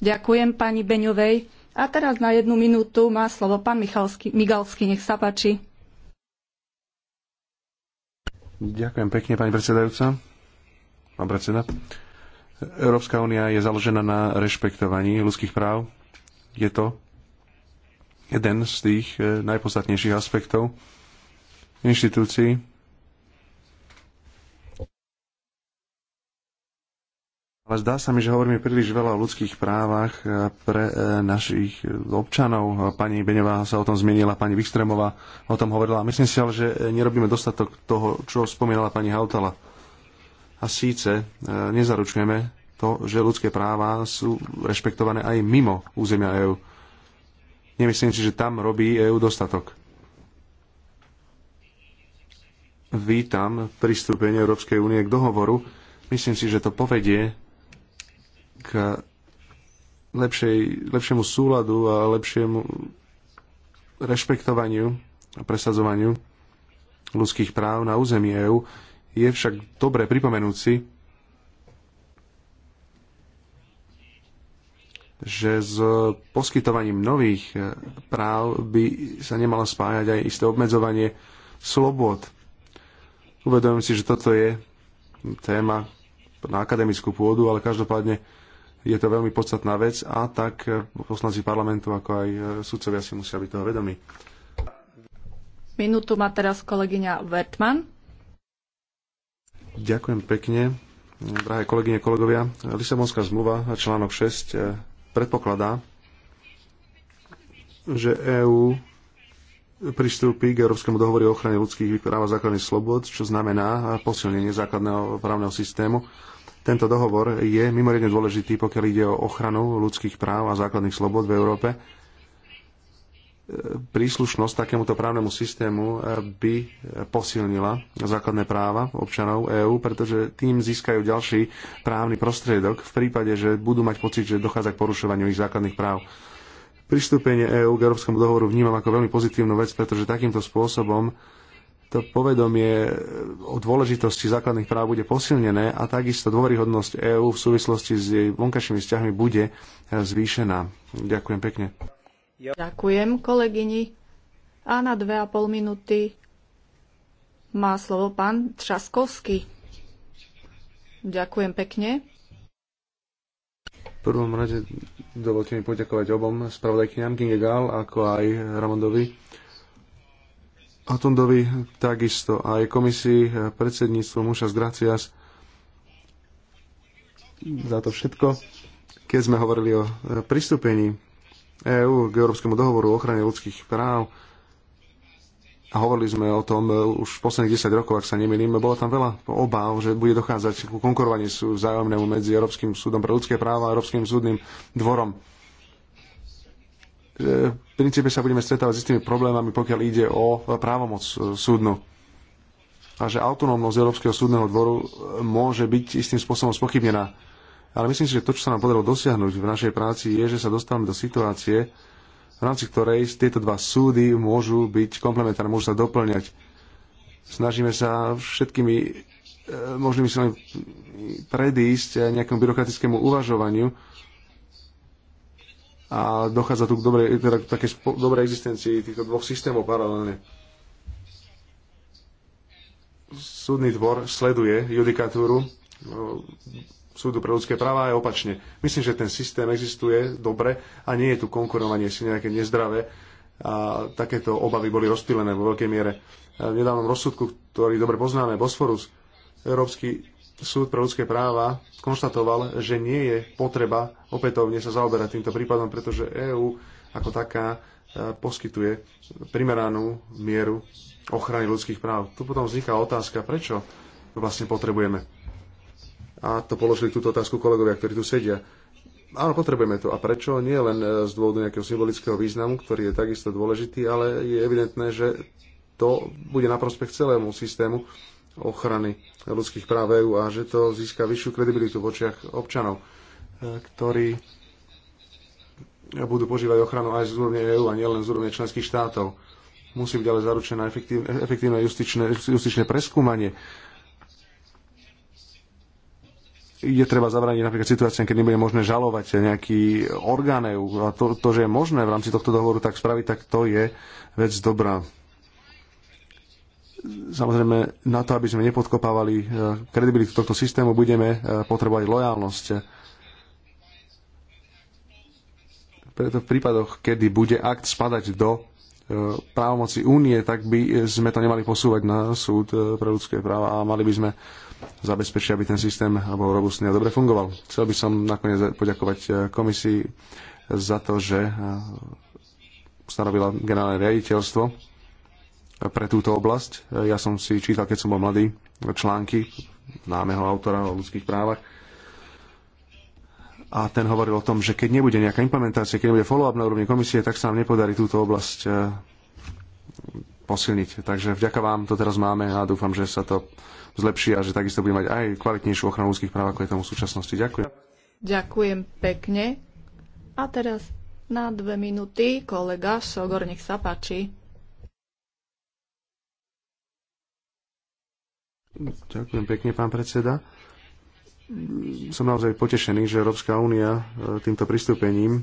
Ďakujem pani Beňovej. A teraz na jednu minútu má slovo pán Michalský, Migalský, nech sa páči. Ďakujem pekne, pani predsedajúca. Pán predseda. Európska únia je založená na rešpektovaní ľudských práv. Je to jeden z tých eh, najpodstatnejších aspektov inštitúcií, Ale zdá sa mi, že hovoríme príliš veľa o ľudských právach e, pre e, našich občanov. E, pani Beňová sa o tom zmienila, pani Vikstremová o tom hovorila. Myslím si ale, že nerobíme dostatok toho, čo spomínala pani Hautala. A síce nezaručujeme to, že ľudské práva sú rešpektované aj mimo územia EÚ. Nemyslím si, že tam robí EÚ dostatok. Vítam pristúpenie Európskej únie k dohovoru. Myslím si, že to povedie k lepšej, lepšiemu súladu a lepšiemu rešpektovaniu a presadzovaniu ľudských práv na území EÚ je však dobre pripomenúť si, že s poskytovaním nových práv by sa nemalo spájať aj isté obmedzovanie slobod. Uvedomujem si, že toto je téma na akademickú pôdu, ale každopádne je to veľmi podstatná vec a tak eh, poslanci parlamentu, ako aj eh, sudcovia si musia byť toho vedomí. Minútu má teraz kolegyňa Vertman. Ďakujem pekne. Drahé kolegyne, kolegovia, Lisabonská zmluva, článok 6, eh, predpokladá, že EÚ pristúpi k Európskemu dohovoru o ochrane ľudských práv a základných slobod, čo znamená posilnenie základného právneho systému tento dohovor je mimoriadne dôležitý, pokiaľ ide o ochranu ľudských práv a základných slobod v Európe. E, príslušnosť takémuto právnemu systému e, by posilnila základné práva občanov EÚ, pretože tým získajú ďalší právny prostriedok v prípade, že budú mať pocit, že dochádza k porušovaniu ich základných práv. Pristúpenie EÚ k Európskemu dohovoru vnímam ako veľmi pozitívnu vec, pretože takýmto spôsobom to povedomie o dôležitosti základných práv bude posilnené a takisto dôveryhodnosť EÚ v súvislosti s jej vonkajšími vzťahmi bude zvýšená. Ďakujem pekne. Ďakujem kolegyni. A na dve a pol minúty má slovo pán Třaskovský. Ďakujem pekne. V prvom rade dovolte mi poďakovať obom spravodajkyniam Kinge Gál, ako aj Ramondovi Atondovi takisto aj komisii predsedníctvo Mušas Gracias za to všetko. Keď sme hovorili o e, pristúpení EÚ k Európskemu dohovoru o ochrane ľudských práv a hovorili sme o tom e, už v posledných 10 rokov, ak sa nemýlim, bolo tam veľa obáv, že bude dochádzať ku konkurovaniu vzájomnému medzi Európskym súdom pre ľudské práva a Európskym súdnym dvorom v princípe sa budeme stretávať s istými problémami, pokiaľ ide o právomoc e, súdnu. A že autonómnosť Európskeho súdneho dvoru e, môže byť istým spôsobom spochybnená. Ale myslím si, že to, čo sa nám podarilo dosiahnuť v našej práci, je, že sa dostávame do situácie, v rámci ktorej tieto dva súdy môžu byť komplementárne, môžu sa doplňať. Snažíme sa všetkými e, možnými silami predísť nejakému byrokratickému uvažovaniu, a dochádza tu k dobrej, teda k takej spo, dobrej existencii týchto dvoch systémov paralelne. Súdny dvor sleduje judikatúru súdu pre ľudské práva aj opačne. Myslím, že ten systém existuje dobre a nie je tu konkurovanie si nejaké nezdravé a takéto obavy boli rozptýlené vo veľkej miere. V nedávnom rozsudku, ktorý dobre poznáme, Bosforus, Európsky súd pre ľudské práva konštatoval, že nie je potreba opätovne sa zaoberať týmto prípadom, pretože EÚ ako taká e, poskytuje primeranú mieru ochrany ľudských práv. Tu potom vzniká otázka, prečo vlastne potrebujeme. A to položili túto otázku kolegovia, ktorí tu sedia. Áno, potrebujeme to. A prečo? Nie len e, z dôvodu nejakého symbolického významu, ktorý je takisto dôležitý, ale je evidentné, že to bude na prospech celému systému ochrany ľudských práv EU a že to získa vyššiu kredibilitu v očiach občanov, e, ktorí budú požívať ochranu aj z úrovne EU, a nielen z úrovne členských štátov. Musí byť ale zaručené efektívne justičné, justičné preskúmanie. Je treba zabrániť napríklad situáciám, keď nebude možné žalovať nejaký orgán EU. A to, to, že je možné v rámci tohto dohovoru tak spraviť, tak to je vec dobrá. Samozrejme, na to, aby sme nepodkopávali eh, kredibilitu tohto systému, budeme eh, potrebovať lojálnosť. Preto v prípadoch, kedy bude akt spadať do eh, právomoci únie, tak by sme to nemali posúvať na súd pre ľudské práva a mali by sme zabezpečiť, aby ten systém bol robustný a dobre fungoval. Chcel by som nakoniec poďakovať komisii za to, že stanovila generálne riaditeľstvo pre túto oblasť. Ja som si čítal, keď som bol mladý, články známeho autora o ľudských právach. A ten hovoril o tom, že keď nebude nejaká implementácia, keď nebude follow-up na úrovni komisie, tak sa nám nepodarí túto oblasť e, posilniť. Takže vďaka vám to teraz máme a dúfam, že sa to zlepší a že takisto bude mať aj kvalitnejšiu ochranu ľudských práv, ako je tomu v súčasnosti. Ďakujem. Ďakujem pekne. A teraz na dve minúty kolega Šogor, nech sa páči. Ďakujem pekne, pán predseda. Som naozaj potešený, že Európska únia e, týmto pristúpením k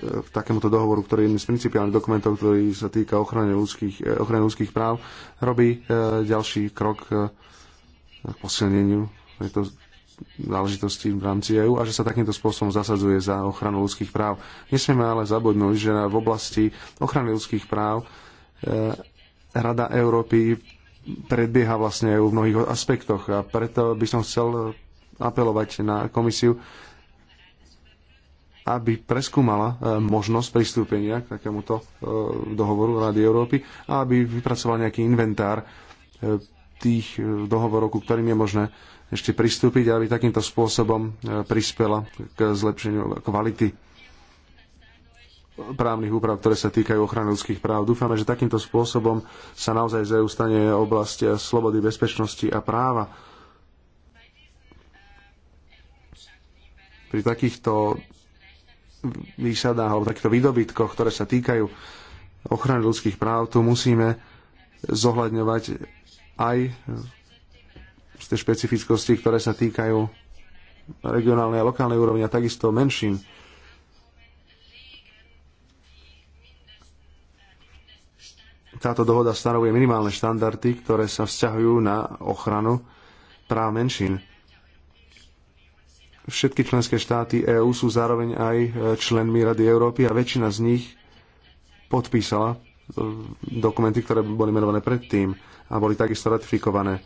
e, takémuto dohovoru, ktorý je jedným z principiálnych dokumentov, ktorý sa týka ochrany ľudských, e, ochrany ľudských práv, robí ďalší krok k posilneniu tejto záležitosti v rámci EU a že sa takýmto spôsobom zasadzuje za ochranu ľudských práv. Nesmieme ale zabudnúť, že v oblasti ochrany ľudských práv Rada Európy predbieha vlastne v mnohých aspektoch a preto by som chcel apelovať na komisiu, aby preskúmala e, možnosť pristúpenia k takémuto e, dohovoru Rady Európy a aby vypracovala nejaký inventár e, tých dohovorov, ku ktorým je možné ešte pristúpiť, aby takýmto spôsobom prispela k zlepšeniu kvality právnych úprav, ktoré sa týkajú ochrany ľudských práv. Dúfame, že takýmto spôsobom sa naozaj z EU stane oblasť slobody, bezpečnosti a práva. Pri takýchto výsadách alebo takýchto výdobytkoch, ktoré sa týkajú ochrany ľudských práv, tu musíme zohľadňovať aj tie špecifickosti, ktoré sa týkajú regionálnej a lokálnej úrovni a takisto menším. Táto dohoda stanovuje minimálne štandardy, ktoré sa vzťahujú na ochranu práv menšín. Všetky členské štáty EÚ sú zároveň aj e, členmi Rady Európy a väčšina z nich podpísala e, dokumenty, ktoré boli menované predtým a boli takisto ratifikované.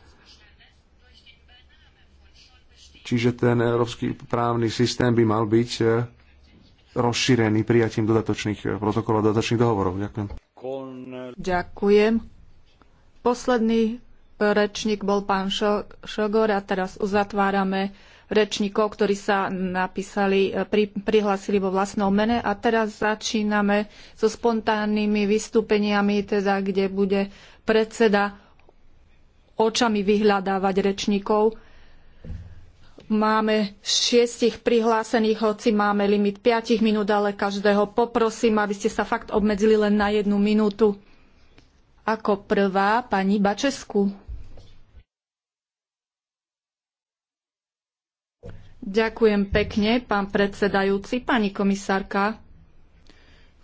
Čiže ten európsky právny systém by mal byť e, rozšírený prijatím dodatočných protokolov a dodatočných dohovorov. Ďakujem. Ďakujem. Posledný rečník bol pán Šogor a teraz uzatvárame rečníkov, ktorí sa napísali, pri, prihlásili vo vlastnom mene a teraz začíname so spontánnymi vystúpeniami, teda kde bude predseda očami vyhľadávať rečníkov. Máme šiestich prihlásených, hoci máme limit 5 minút, ale každého poprosím, aby ste sa fakt obmedzili len na jednu minútu. Ako prvá pani Bačesku. Ďakujem pekne, pán predsedajúci, pani komisárka.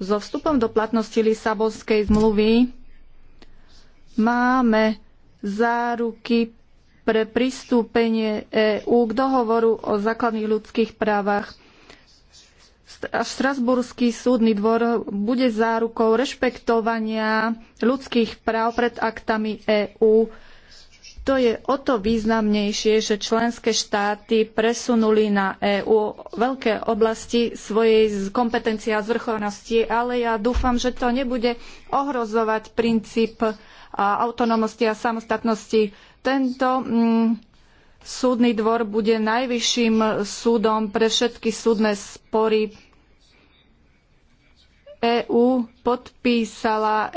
So vstupom do platnosti Lisabonskej zmluvy máme záruky pre pristúpenie EÚ k dohovoru o základných ľudských právach. Štrasburský súdny dvor bude zárukou rešpektovania ľudských práv pred aktami EÚ. To je o to významnejšie, že členské štáty presunuli na EÚ veľké oblasti svojej kompetencie a zvrchovanosti, ale ja dúfam, že to nebude ohrozovať princíp autonómnosti a samostatnosti. Tento mm, Súdny dvor bude najvyšším súdom pre všetky súdne spory. EÚ podpísala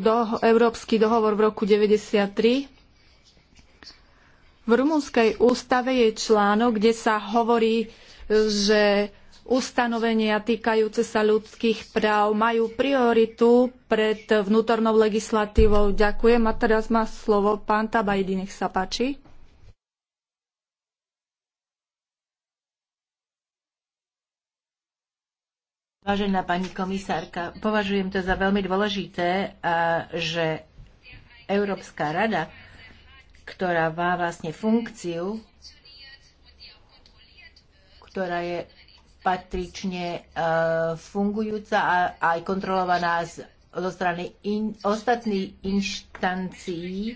doho Európsky dohovor v roku 1993. V rumunskej ústave je článok, kde sa hovorí, že ustanovenia týkajúce sa ľudských práv majú prioritu pred vnútornou legislatívou. Ďakujem. A teraz má slovo pán Tabajdy, nech sa páči. Vážená pani komisárka, považujem to za veľmi dôležité, že Európska rada, ktorá má vlastne funkciu, ktorá je patrične e, fungujúca a aj kontrolovaná zo strany in, ostatných inštancií,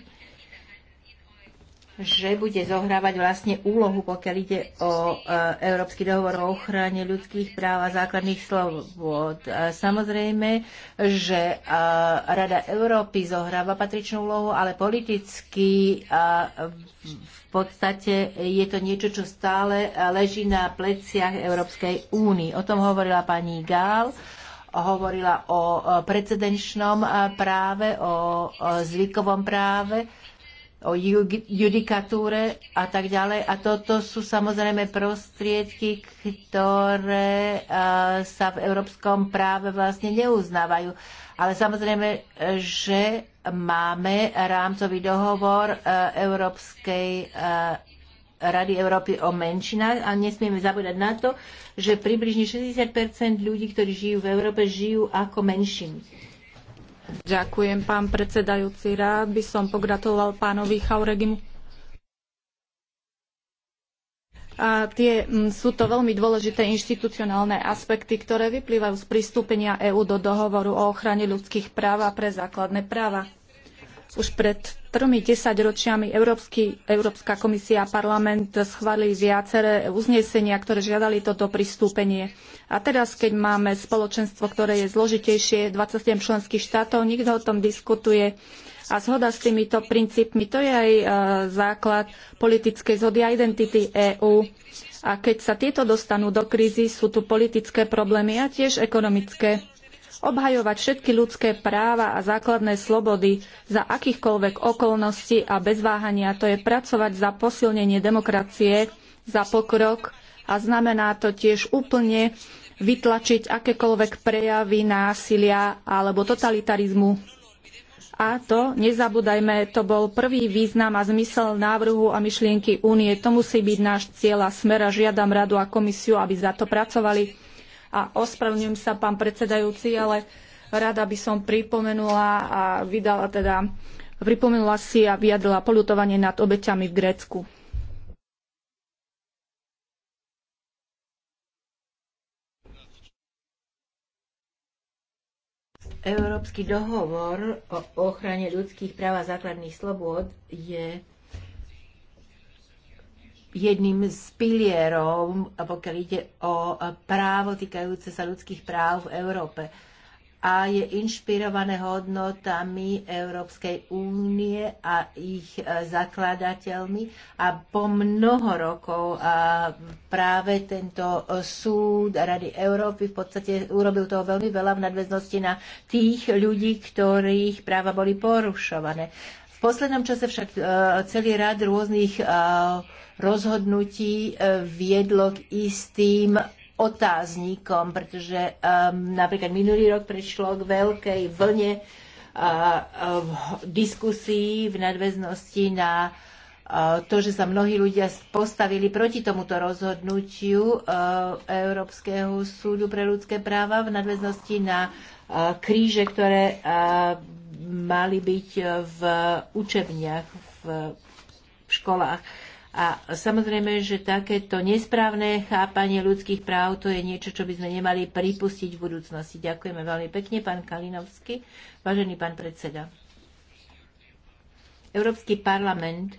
že bude zohrávať vlastne úlohu, pokiaľ ide o e, Európsky dohovor o ochrane ľudských práv a základných slobod. Samozrejme, že e, Rada Európy zohráva patričnú úlohu, ale politicky v podstate je to niečo, čo stále leží na pleciach Európskej únii. O tom hovorila pani Gál hovorila o precedenčnom práve, o zvykovom práve o judikatúre a tak ďalej. A toto sú samozrejme prostriedky, ktoré e, sa v európskom práve vlastne neuznávajú. Ale samozrejme, že máme rámcový dohovor e, Európskej e, Rady Európy o menšinách a nesmieme zabúdať na to, že približne 60 ľudí, ktorí žijú v Európe, žijú ako menšiny. Ďakujem, pán predsedajúci. Rád by som pogratuloval pánovi Chauregimu. A tie, sú to veľmi dôležité inštitucionálne aspekty, ktoré vyplývajú z pristúpenia EÚ do dohovoru o ochrane ľudských práv a pre základné práva. Už pred tromi desaťročiami Európsky, Európska komisia a parlament schválili viaceré uznesenia, ktoré žiadali toto pristúpenie. A teraz, keď máme spoločenstvo, ktoré je zložitejšie, 27 členských štátov, nikto o tom diskutuje. A zhoda s týmito princípmi, to je aj e, základ politickej zhody a identity EÚ. A keď sa tieto dostanú do krízy, sú tu politické problémy a tiež ekonomické obhajovať všetky ľudské práva a základné slobody za akýchkoľvek okolností a bez váhania. To je pracovať za posilnenie demokracie, za pokrok a znamená to tiež úplne vytlačiť akékoľvek prejavy násilia alebo totalitarizmu. A to, nezabúdajme, to bol prvý význam a zmysel návrhu a myšlienky únie. To musí byť náš cieľ a smer a žiadam radu a komisiu, aby za to pracovali a ospravňujem sa, pán predsedajúci, ale rada by som pripomenula a vydala teda, pripomenula si a vyjadrila polutovanie nad obeťami v Grécku. Európsky dohovor o ochrane ľudských práv a základných slobôd je jedným z pilierov, pokiaľ ide o právo týkajúce sa ľudských práv v Európe a je inšpirované hodnotami Európskej únie a ich e, zakladateľmi. A po mnoho rokov a e, práve tento súd Rady Európy v podstate urobil toho veľmi veľa v nadväznosti na tých ľudí, ktorých práva boli porušované. V poslednom čase však e, celý rád rôznych e, rozhodnutí e, viedlo k istým otáznikom, pretože napríklad minulý rok prešlo k veľkej vlne diskusí v nadväznosti na to, že sa mnohí ľudia postavili proti tomuto rozhodnutiu Európskeho súdu pre ľudské práva v nadväznosti na Eh, kríže, ktoré eh, mali byť eh, v učebniach, v školách. A samozrejme, že takéto nesprávne chápanie ľudských práv to je niečo, čo by sme nemali pripustiť v budúcnosti. Ďakujeme veľmi pekne, pán Kalinovský, vážený pán predseda. Európsky parlament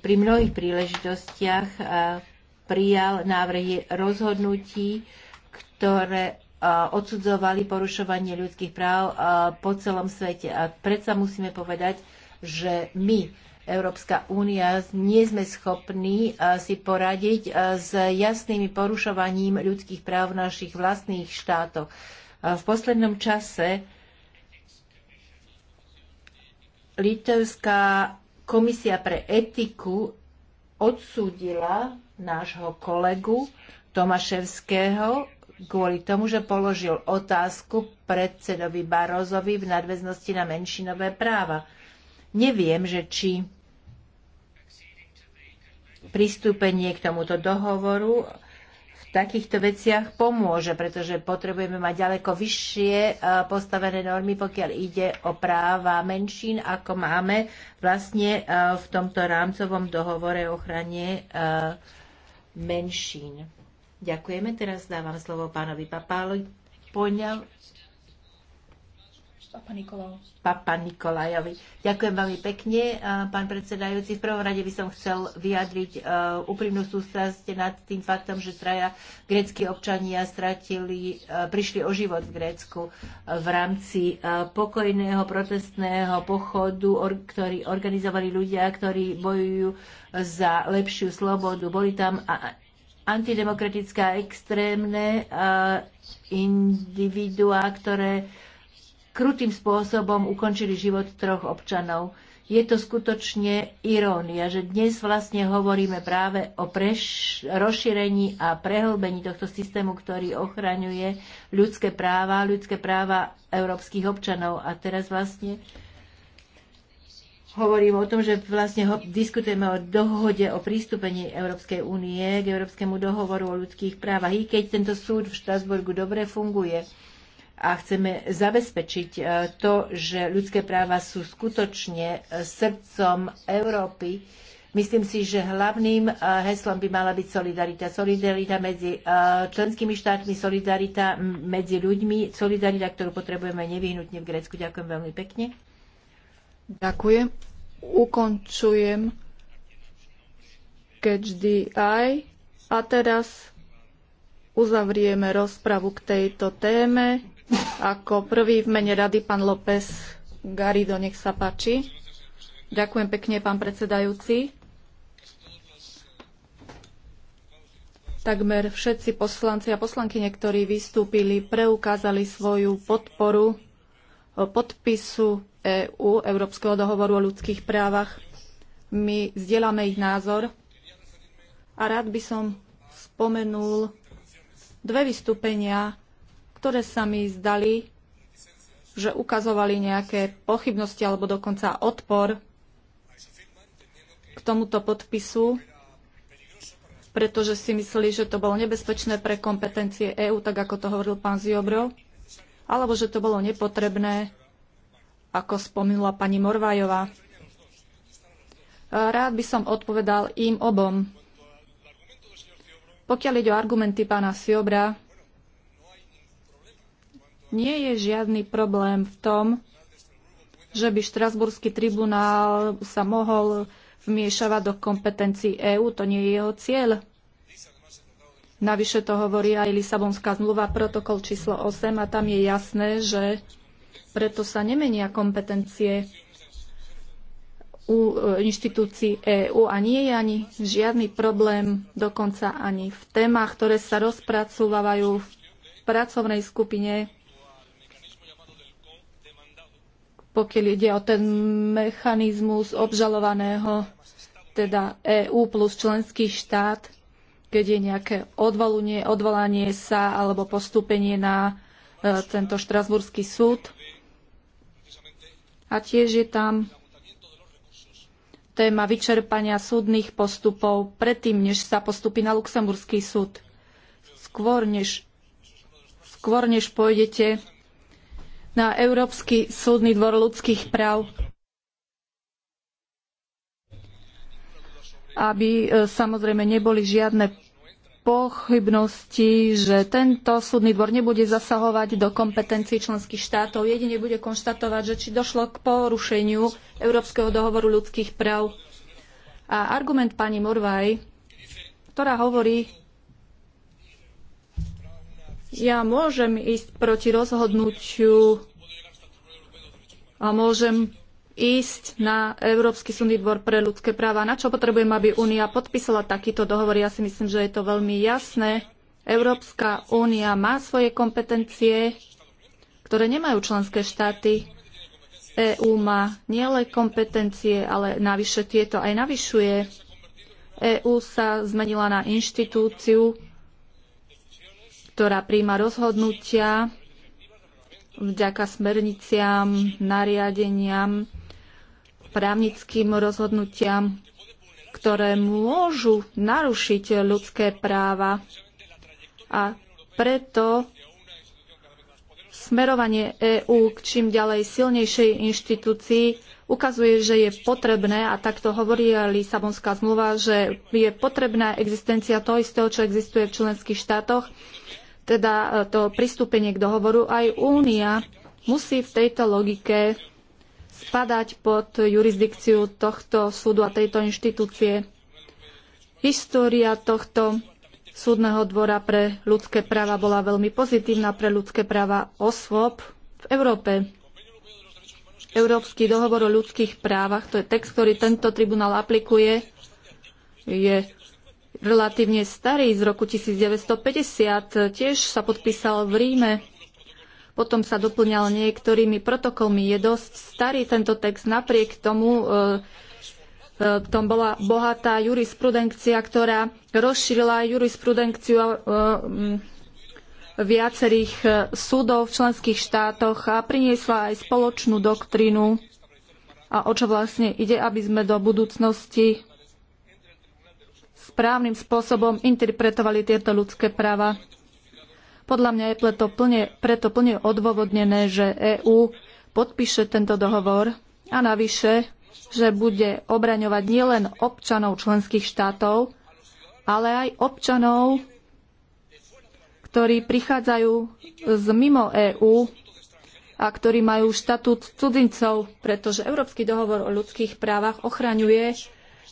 pri mnohých príležitostiach prijal návrhy rozhodnutí, ktoré odsudzovali porušovanie ľudských práv po celom svete. A predsa musíme povedať, že my, Európska únia, nie sme schopní si poradiť s jasnými porušovaním ľudských práv v našich vlastných štátoch. V poslednom čase Litovská komisia pre etiku odsúdila nášho kolegu Tomaševského kvôli tomu, že položil otázku predsedovi Barozovi v nadväznosti na menšinové práva. Neviem, že či pristúpenie k tomuto dohovoru v takýchto veciach pomôže, pretože potrebujeme mať ďaleko vyššie e, postavené normy, pokiaľ ide o práva menšín, ako máme vlastne e, v tomto rámcovom dohovore o ochrane e, menšín. Ďakujeme. Teraz dávam slovo pánovi Papáloj. Poňal... Papa, Nikolaj. Papa Nikolajovi. Ďakujem veľmi pekne, pán predsedajúci. V prvom rade by som chcel vyjadriť e, úprimnú sústrasť nad tým faktom, že traja grécky občania stratili, e, prišli o život v Grécku e, v rámci pokojného protestného pochodu, ktorý organizovali ľudia, ktorí bojujú za lepšiu slobodu. Boli tam antidemokratické a extrémne eh, individuá, ktoré krutým spôsobom ukončili život troch občanov. Je to skutočne irónia, že dnes vlastne hovoríme práve o preš- rozšírení a prehlbení tohto systému, ktorý ochraňuje ľudské práva, ľudské práva európskych občanov. A teraz vlastne uh, hovorím o tom, že vlastne ho, diskutujeme o dohode o prístupení Európskej únie k Európskemu dohovoru o ľudských právach. I keď tento súd v Štrasburgu dobre funguje a chceme zabezpečiť e, to, že ľudské práva sú skutočne e, srdcom Európy, Myslím si, že hlavným e, heslom by mala byť solidarita. Solidarita medzi členskými štátmi, solidarita medzi ľuďmi, solidarita, ktorú potrebujeme nevyhnutne v Grécku. Ďakujem veľmi pekne. Ďakujem ukončujem catch the eye a teraz uzavrieme rozpravu k tejto téme. Ako prvý v mene rady pán López Garido, nech sa páči. Ďakujem pekne, pán predsedajúci. Takmer všetci poslanci a poslanky, ktorí vystúpili, preukázali svoju podporu podpisu EÚ, EU, Európskeho dohovoru o ľudských právach. My zdieľame ich názor a rád by som spomenul dve vystúpenia, ktoré sa mi zdali, že ukazovali nejaké pochybnosti alebo dokonca odpor k tomuto podpisu, pretože si mysleli, že to bolo nebezpečné pre kompetencie EÚ, tak ako to hovoril pán Ziobro alebo že to bolo nepotrebné, ako spomínala pani Morvajová. Rád by som odpovedal im obom. Pokiaľ ide o argumenty pána Siobra, nie je žiadny problém v tom, že by štrasburský tribunál sa mohol vmiešavať do kompetencií EÚ. To nie je jeho cieľ. Navyše to hovorí aj Lisabonská zmluva, protokol číslo 8 a tam je jasné, že preto sa nemenia kompetencie u e, inštitúcií EÚ a nie je ani žiadny problém, dokonca ani v témach, ktoré sa rozpracovávajú v pracovnej skupine, pokiaľ ide o ten mechanizmus obžalovaného, teda EÚ plus členský štát, keď je nejaké odvolanie, odvolanie sa alebo postúpenie na e, tento štrasburský súd. A tiež je tam téma vyčerpania súdnych postupov predtým, než sa postupí na luxemburský súd. Skôr než, skôr než pôjdete na Európsky súdny dvor ľudských práv, aby e, samozrejme neboli žiadne pochybnosti, že tento súdny dvor nebude zasahovať do kompetencií členských štátov. Jedine bude konštatovať, že či došlo k porušeniu Európskeho dohovoru ľudských práv. A argument pani Morvaj, ktorá hovorí, ja môžem ísť proti rozhodnutiu a môžem ísť na Európsky súdny dvor pre ľudské práva. Na čo potrebujem, aby Únia podpísala takýto dohovor? Ja si myslím, že je to veľmi jasné. Európska únia má svoje kompetencie, ktoré nemajú členské štáty. EÚ má nielen kompetencie, ale navyše tieto aj navyšuje. EÚ sa zmenila na inštitúciu, ktorá príjma rozhodnutia vďaka smerniciam, nariadeniam právnickým rozhodnutiam, ktoré môžu narušiť ľudské práva. A preto smerovanie EÚ k čím ďalej silnejšej inštitúcii ukazuje, že je potrebné, a takto hovorí Lisabonská zmluva, že je potrebná existencia toho istého, čo existuje v členských štátoch, teda to pristúpenie k dohovoru. Aj Únia musí v tejto logike spadať pod jurisdikciu tohto súdu a tejto inštitúcie. História tohto súdneho dvora pre ľudské práva bola veľmi pozitívna pre ľudské práva osôb v Európe. Európsky dohovor o ľudských právach, to je text, ktorý tento tribunál aplikuje, je relatívne starý, z roku 1950. Tiež sa podpísal v Ríme potom sa doplňal niektorými protokolmi. Je dosť starý tento text, napriek tomu e, e, tom bola bohatá jurisprudencia, ktorá rozšírila jurisprudenciu e, mm, viacerých súdov v členských štátoch a priniesla aj spoločnú doktrínu a o čo vlastne ide, aby sme do budúcnosti správnym spôsobom interpretovali tieto ľudské práva. Podľa mňa je preto plne, preto plne odôvodnené, že EÚ podpíše tento dohovor a navyše, že bude obraňovať nielen občanov členských štátov, ale aj občanov, ktorí prichádzajú z mimo EÚ a ktorí majú štatút cudzincov, pretože Európsky dohovor o ľudských právach ochraňuje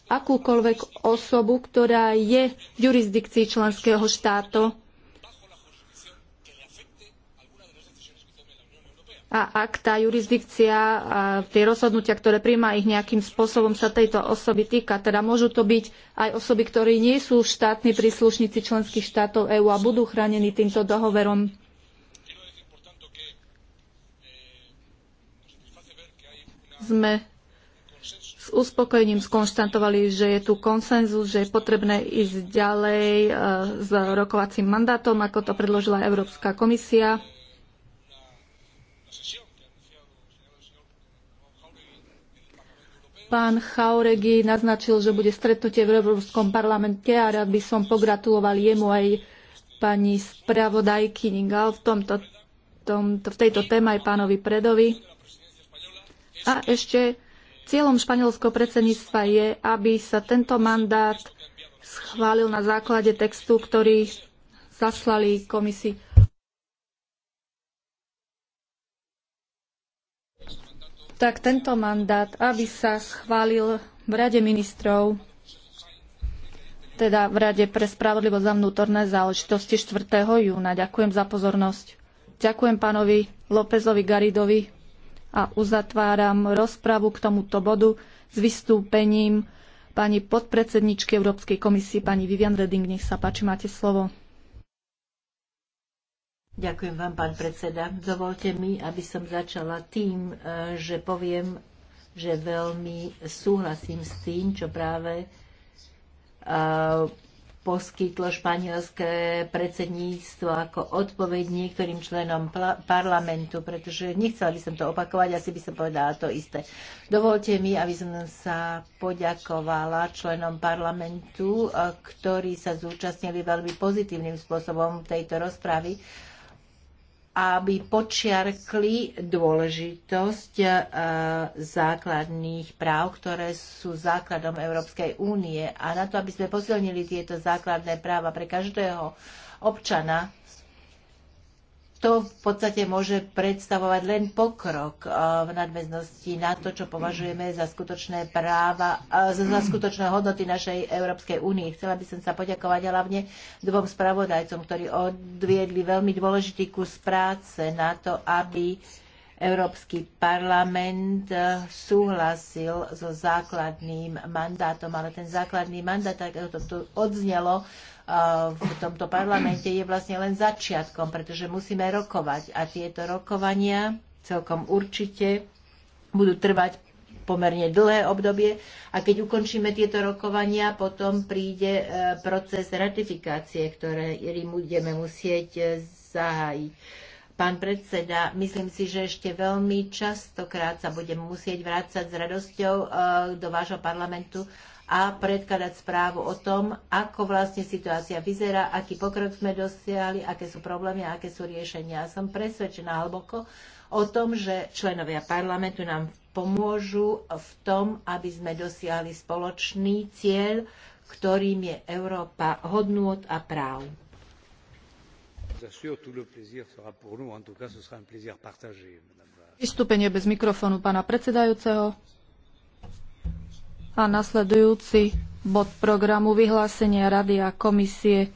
akúkoľvek osobu, ktorá je v jurisdikcii členského štátu a ak tá jurisdikcia a tie rozhodnutia, ktoré príjma ich nejakým spôsobom sa tejto osoby týka, teda môžu to byť aj osoby, ktorí nie sú štátni príslušníci členských štátov EÚ a budú chránení týmto dohovorom. Sme s uspokojením skonštantovali, že je tu konsenzus, že je potrebné ísť ďalej e, s rokovacím mandátom, ako to predložila Európska komisia Pán Chauregi naznačil, že bude stretnutie v Európskom parlamente a rád by som pogratuloval jemu aj pani spravodajky Ningal v, tomto, tomto, v tejto téme aj pánovi Predovi. A ešte cieľom španielského predsedníctva je, aby sa tento mandát schválil na základe textu, ktorý zaslali komisii. tak tento mandát, aby sa schválil v Rade ministrov, teda v Rade pre spravodlivosť za vnútorné záležitosti 4. júna. Ďakujem za pozornosť. Ďakujem pánovi Lópezovi Garidovi a uzatváram rozpravu k tomuto bodu s vystúpením pani podpredsedničky Európskej komisie, pani Vivian Reding. Nech sa páči, máte slovo. Ďakujem vám, pán predseda. Dovolte mi, aby som začala tým, e, že poviem, že veľmi súhlasím s tým, čo práve e, poskytlo španielské predsedníctvo ako odpoveď niektorým členom parlamentu, pretože nechcela by som to opakovať, asi by som povedala to isté. Dovolte mi, aby som sa poďakovala členom parlamentu, e, ktorí sa zúčastnili veľmi pozitívnym spôsobom tejto rozpravy aby počiarkli dôležitosť e, základných práv, ktoré sú základom Európskej únie. A na to, aby sme posilnili tieto základné práva pre každého občana to v podstate môže predstavovať len pokrok e, v nadväznosti na to, čo považujeme za skutočné práva, e, za skutočné hodnoty našej Európskej únie. Chcela by som sa poďakovať hlavne dvom spravodajcom, ktorí odviedli veľmi dôležitý kus práce na to, aby Európsky parlament e, súhlasil so základným mandátom, ale ten základný mandát, tak to tu odznelo, v tomto parlamente je vlastne len začiatkom, pretože musíme rokovať a tieto rokovania celkom určite budú trvať pomerne dlhé obdobie a keď ukončíme tieto rokovania, potom príde e, proces ratifikácie, ktorý budeme musieť e, zahájiť. Pán predseda, myslím si, že ešte veľmi častokrát sa budem musieť vrácať s radosťou e, do vášho parlamentu a predkladať správu o tom, ako vlastne situácia vyzerá, aký pokrok sme dosiahli, aké sú problémy a aké sú riešenia. Som presvedčená hlboko o tom, že členovia parlamentu nám pomôžu v tom, aby sme dosiahli spoločný cieľ, ktorým je Európa hodnôt a práv. Vystúpenie bez mikrofónu pána predsedajúceho a nasledujúci bod programu vyhlásenia Rady a komisie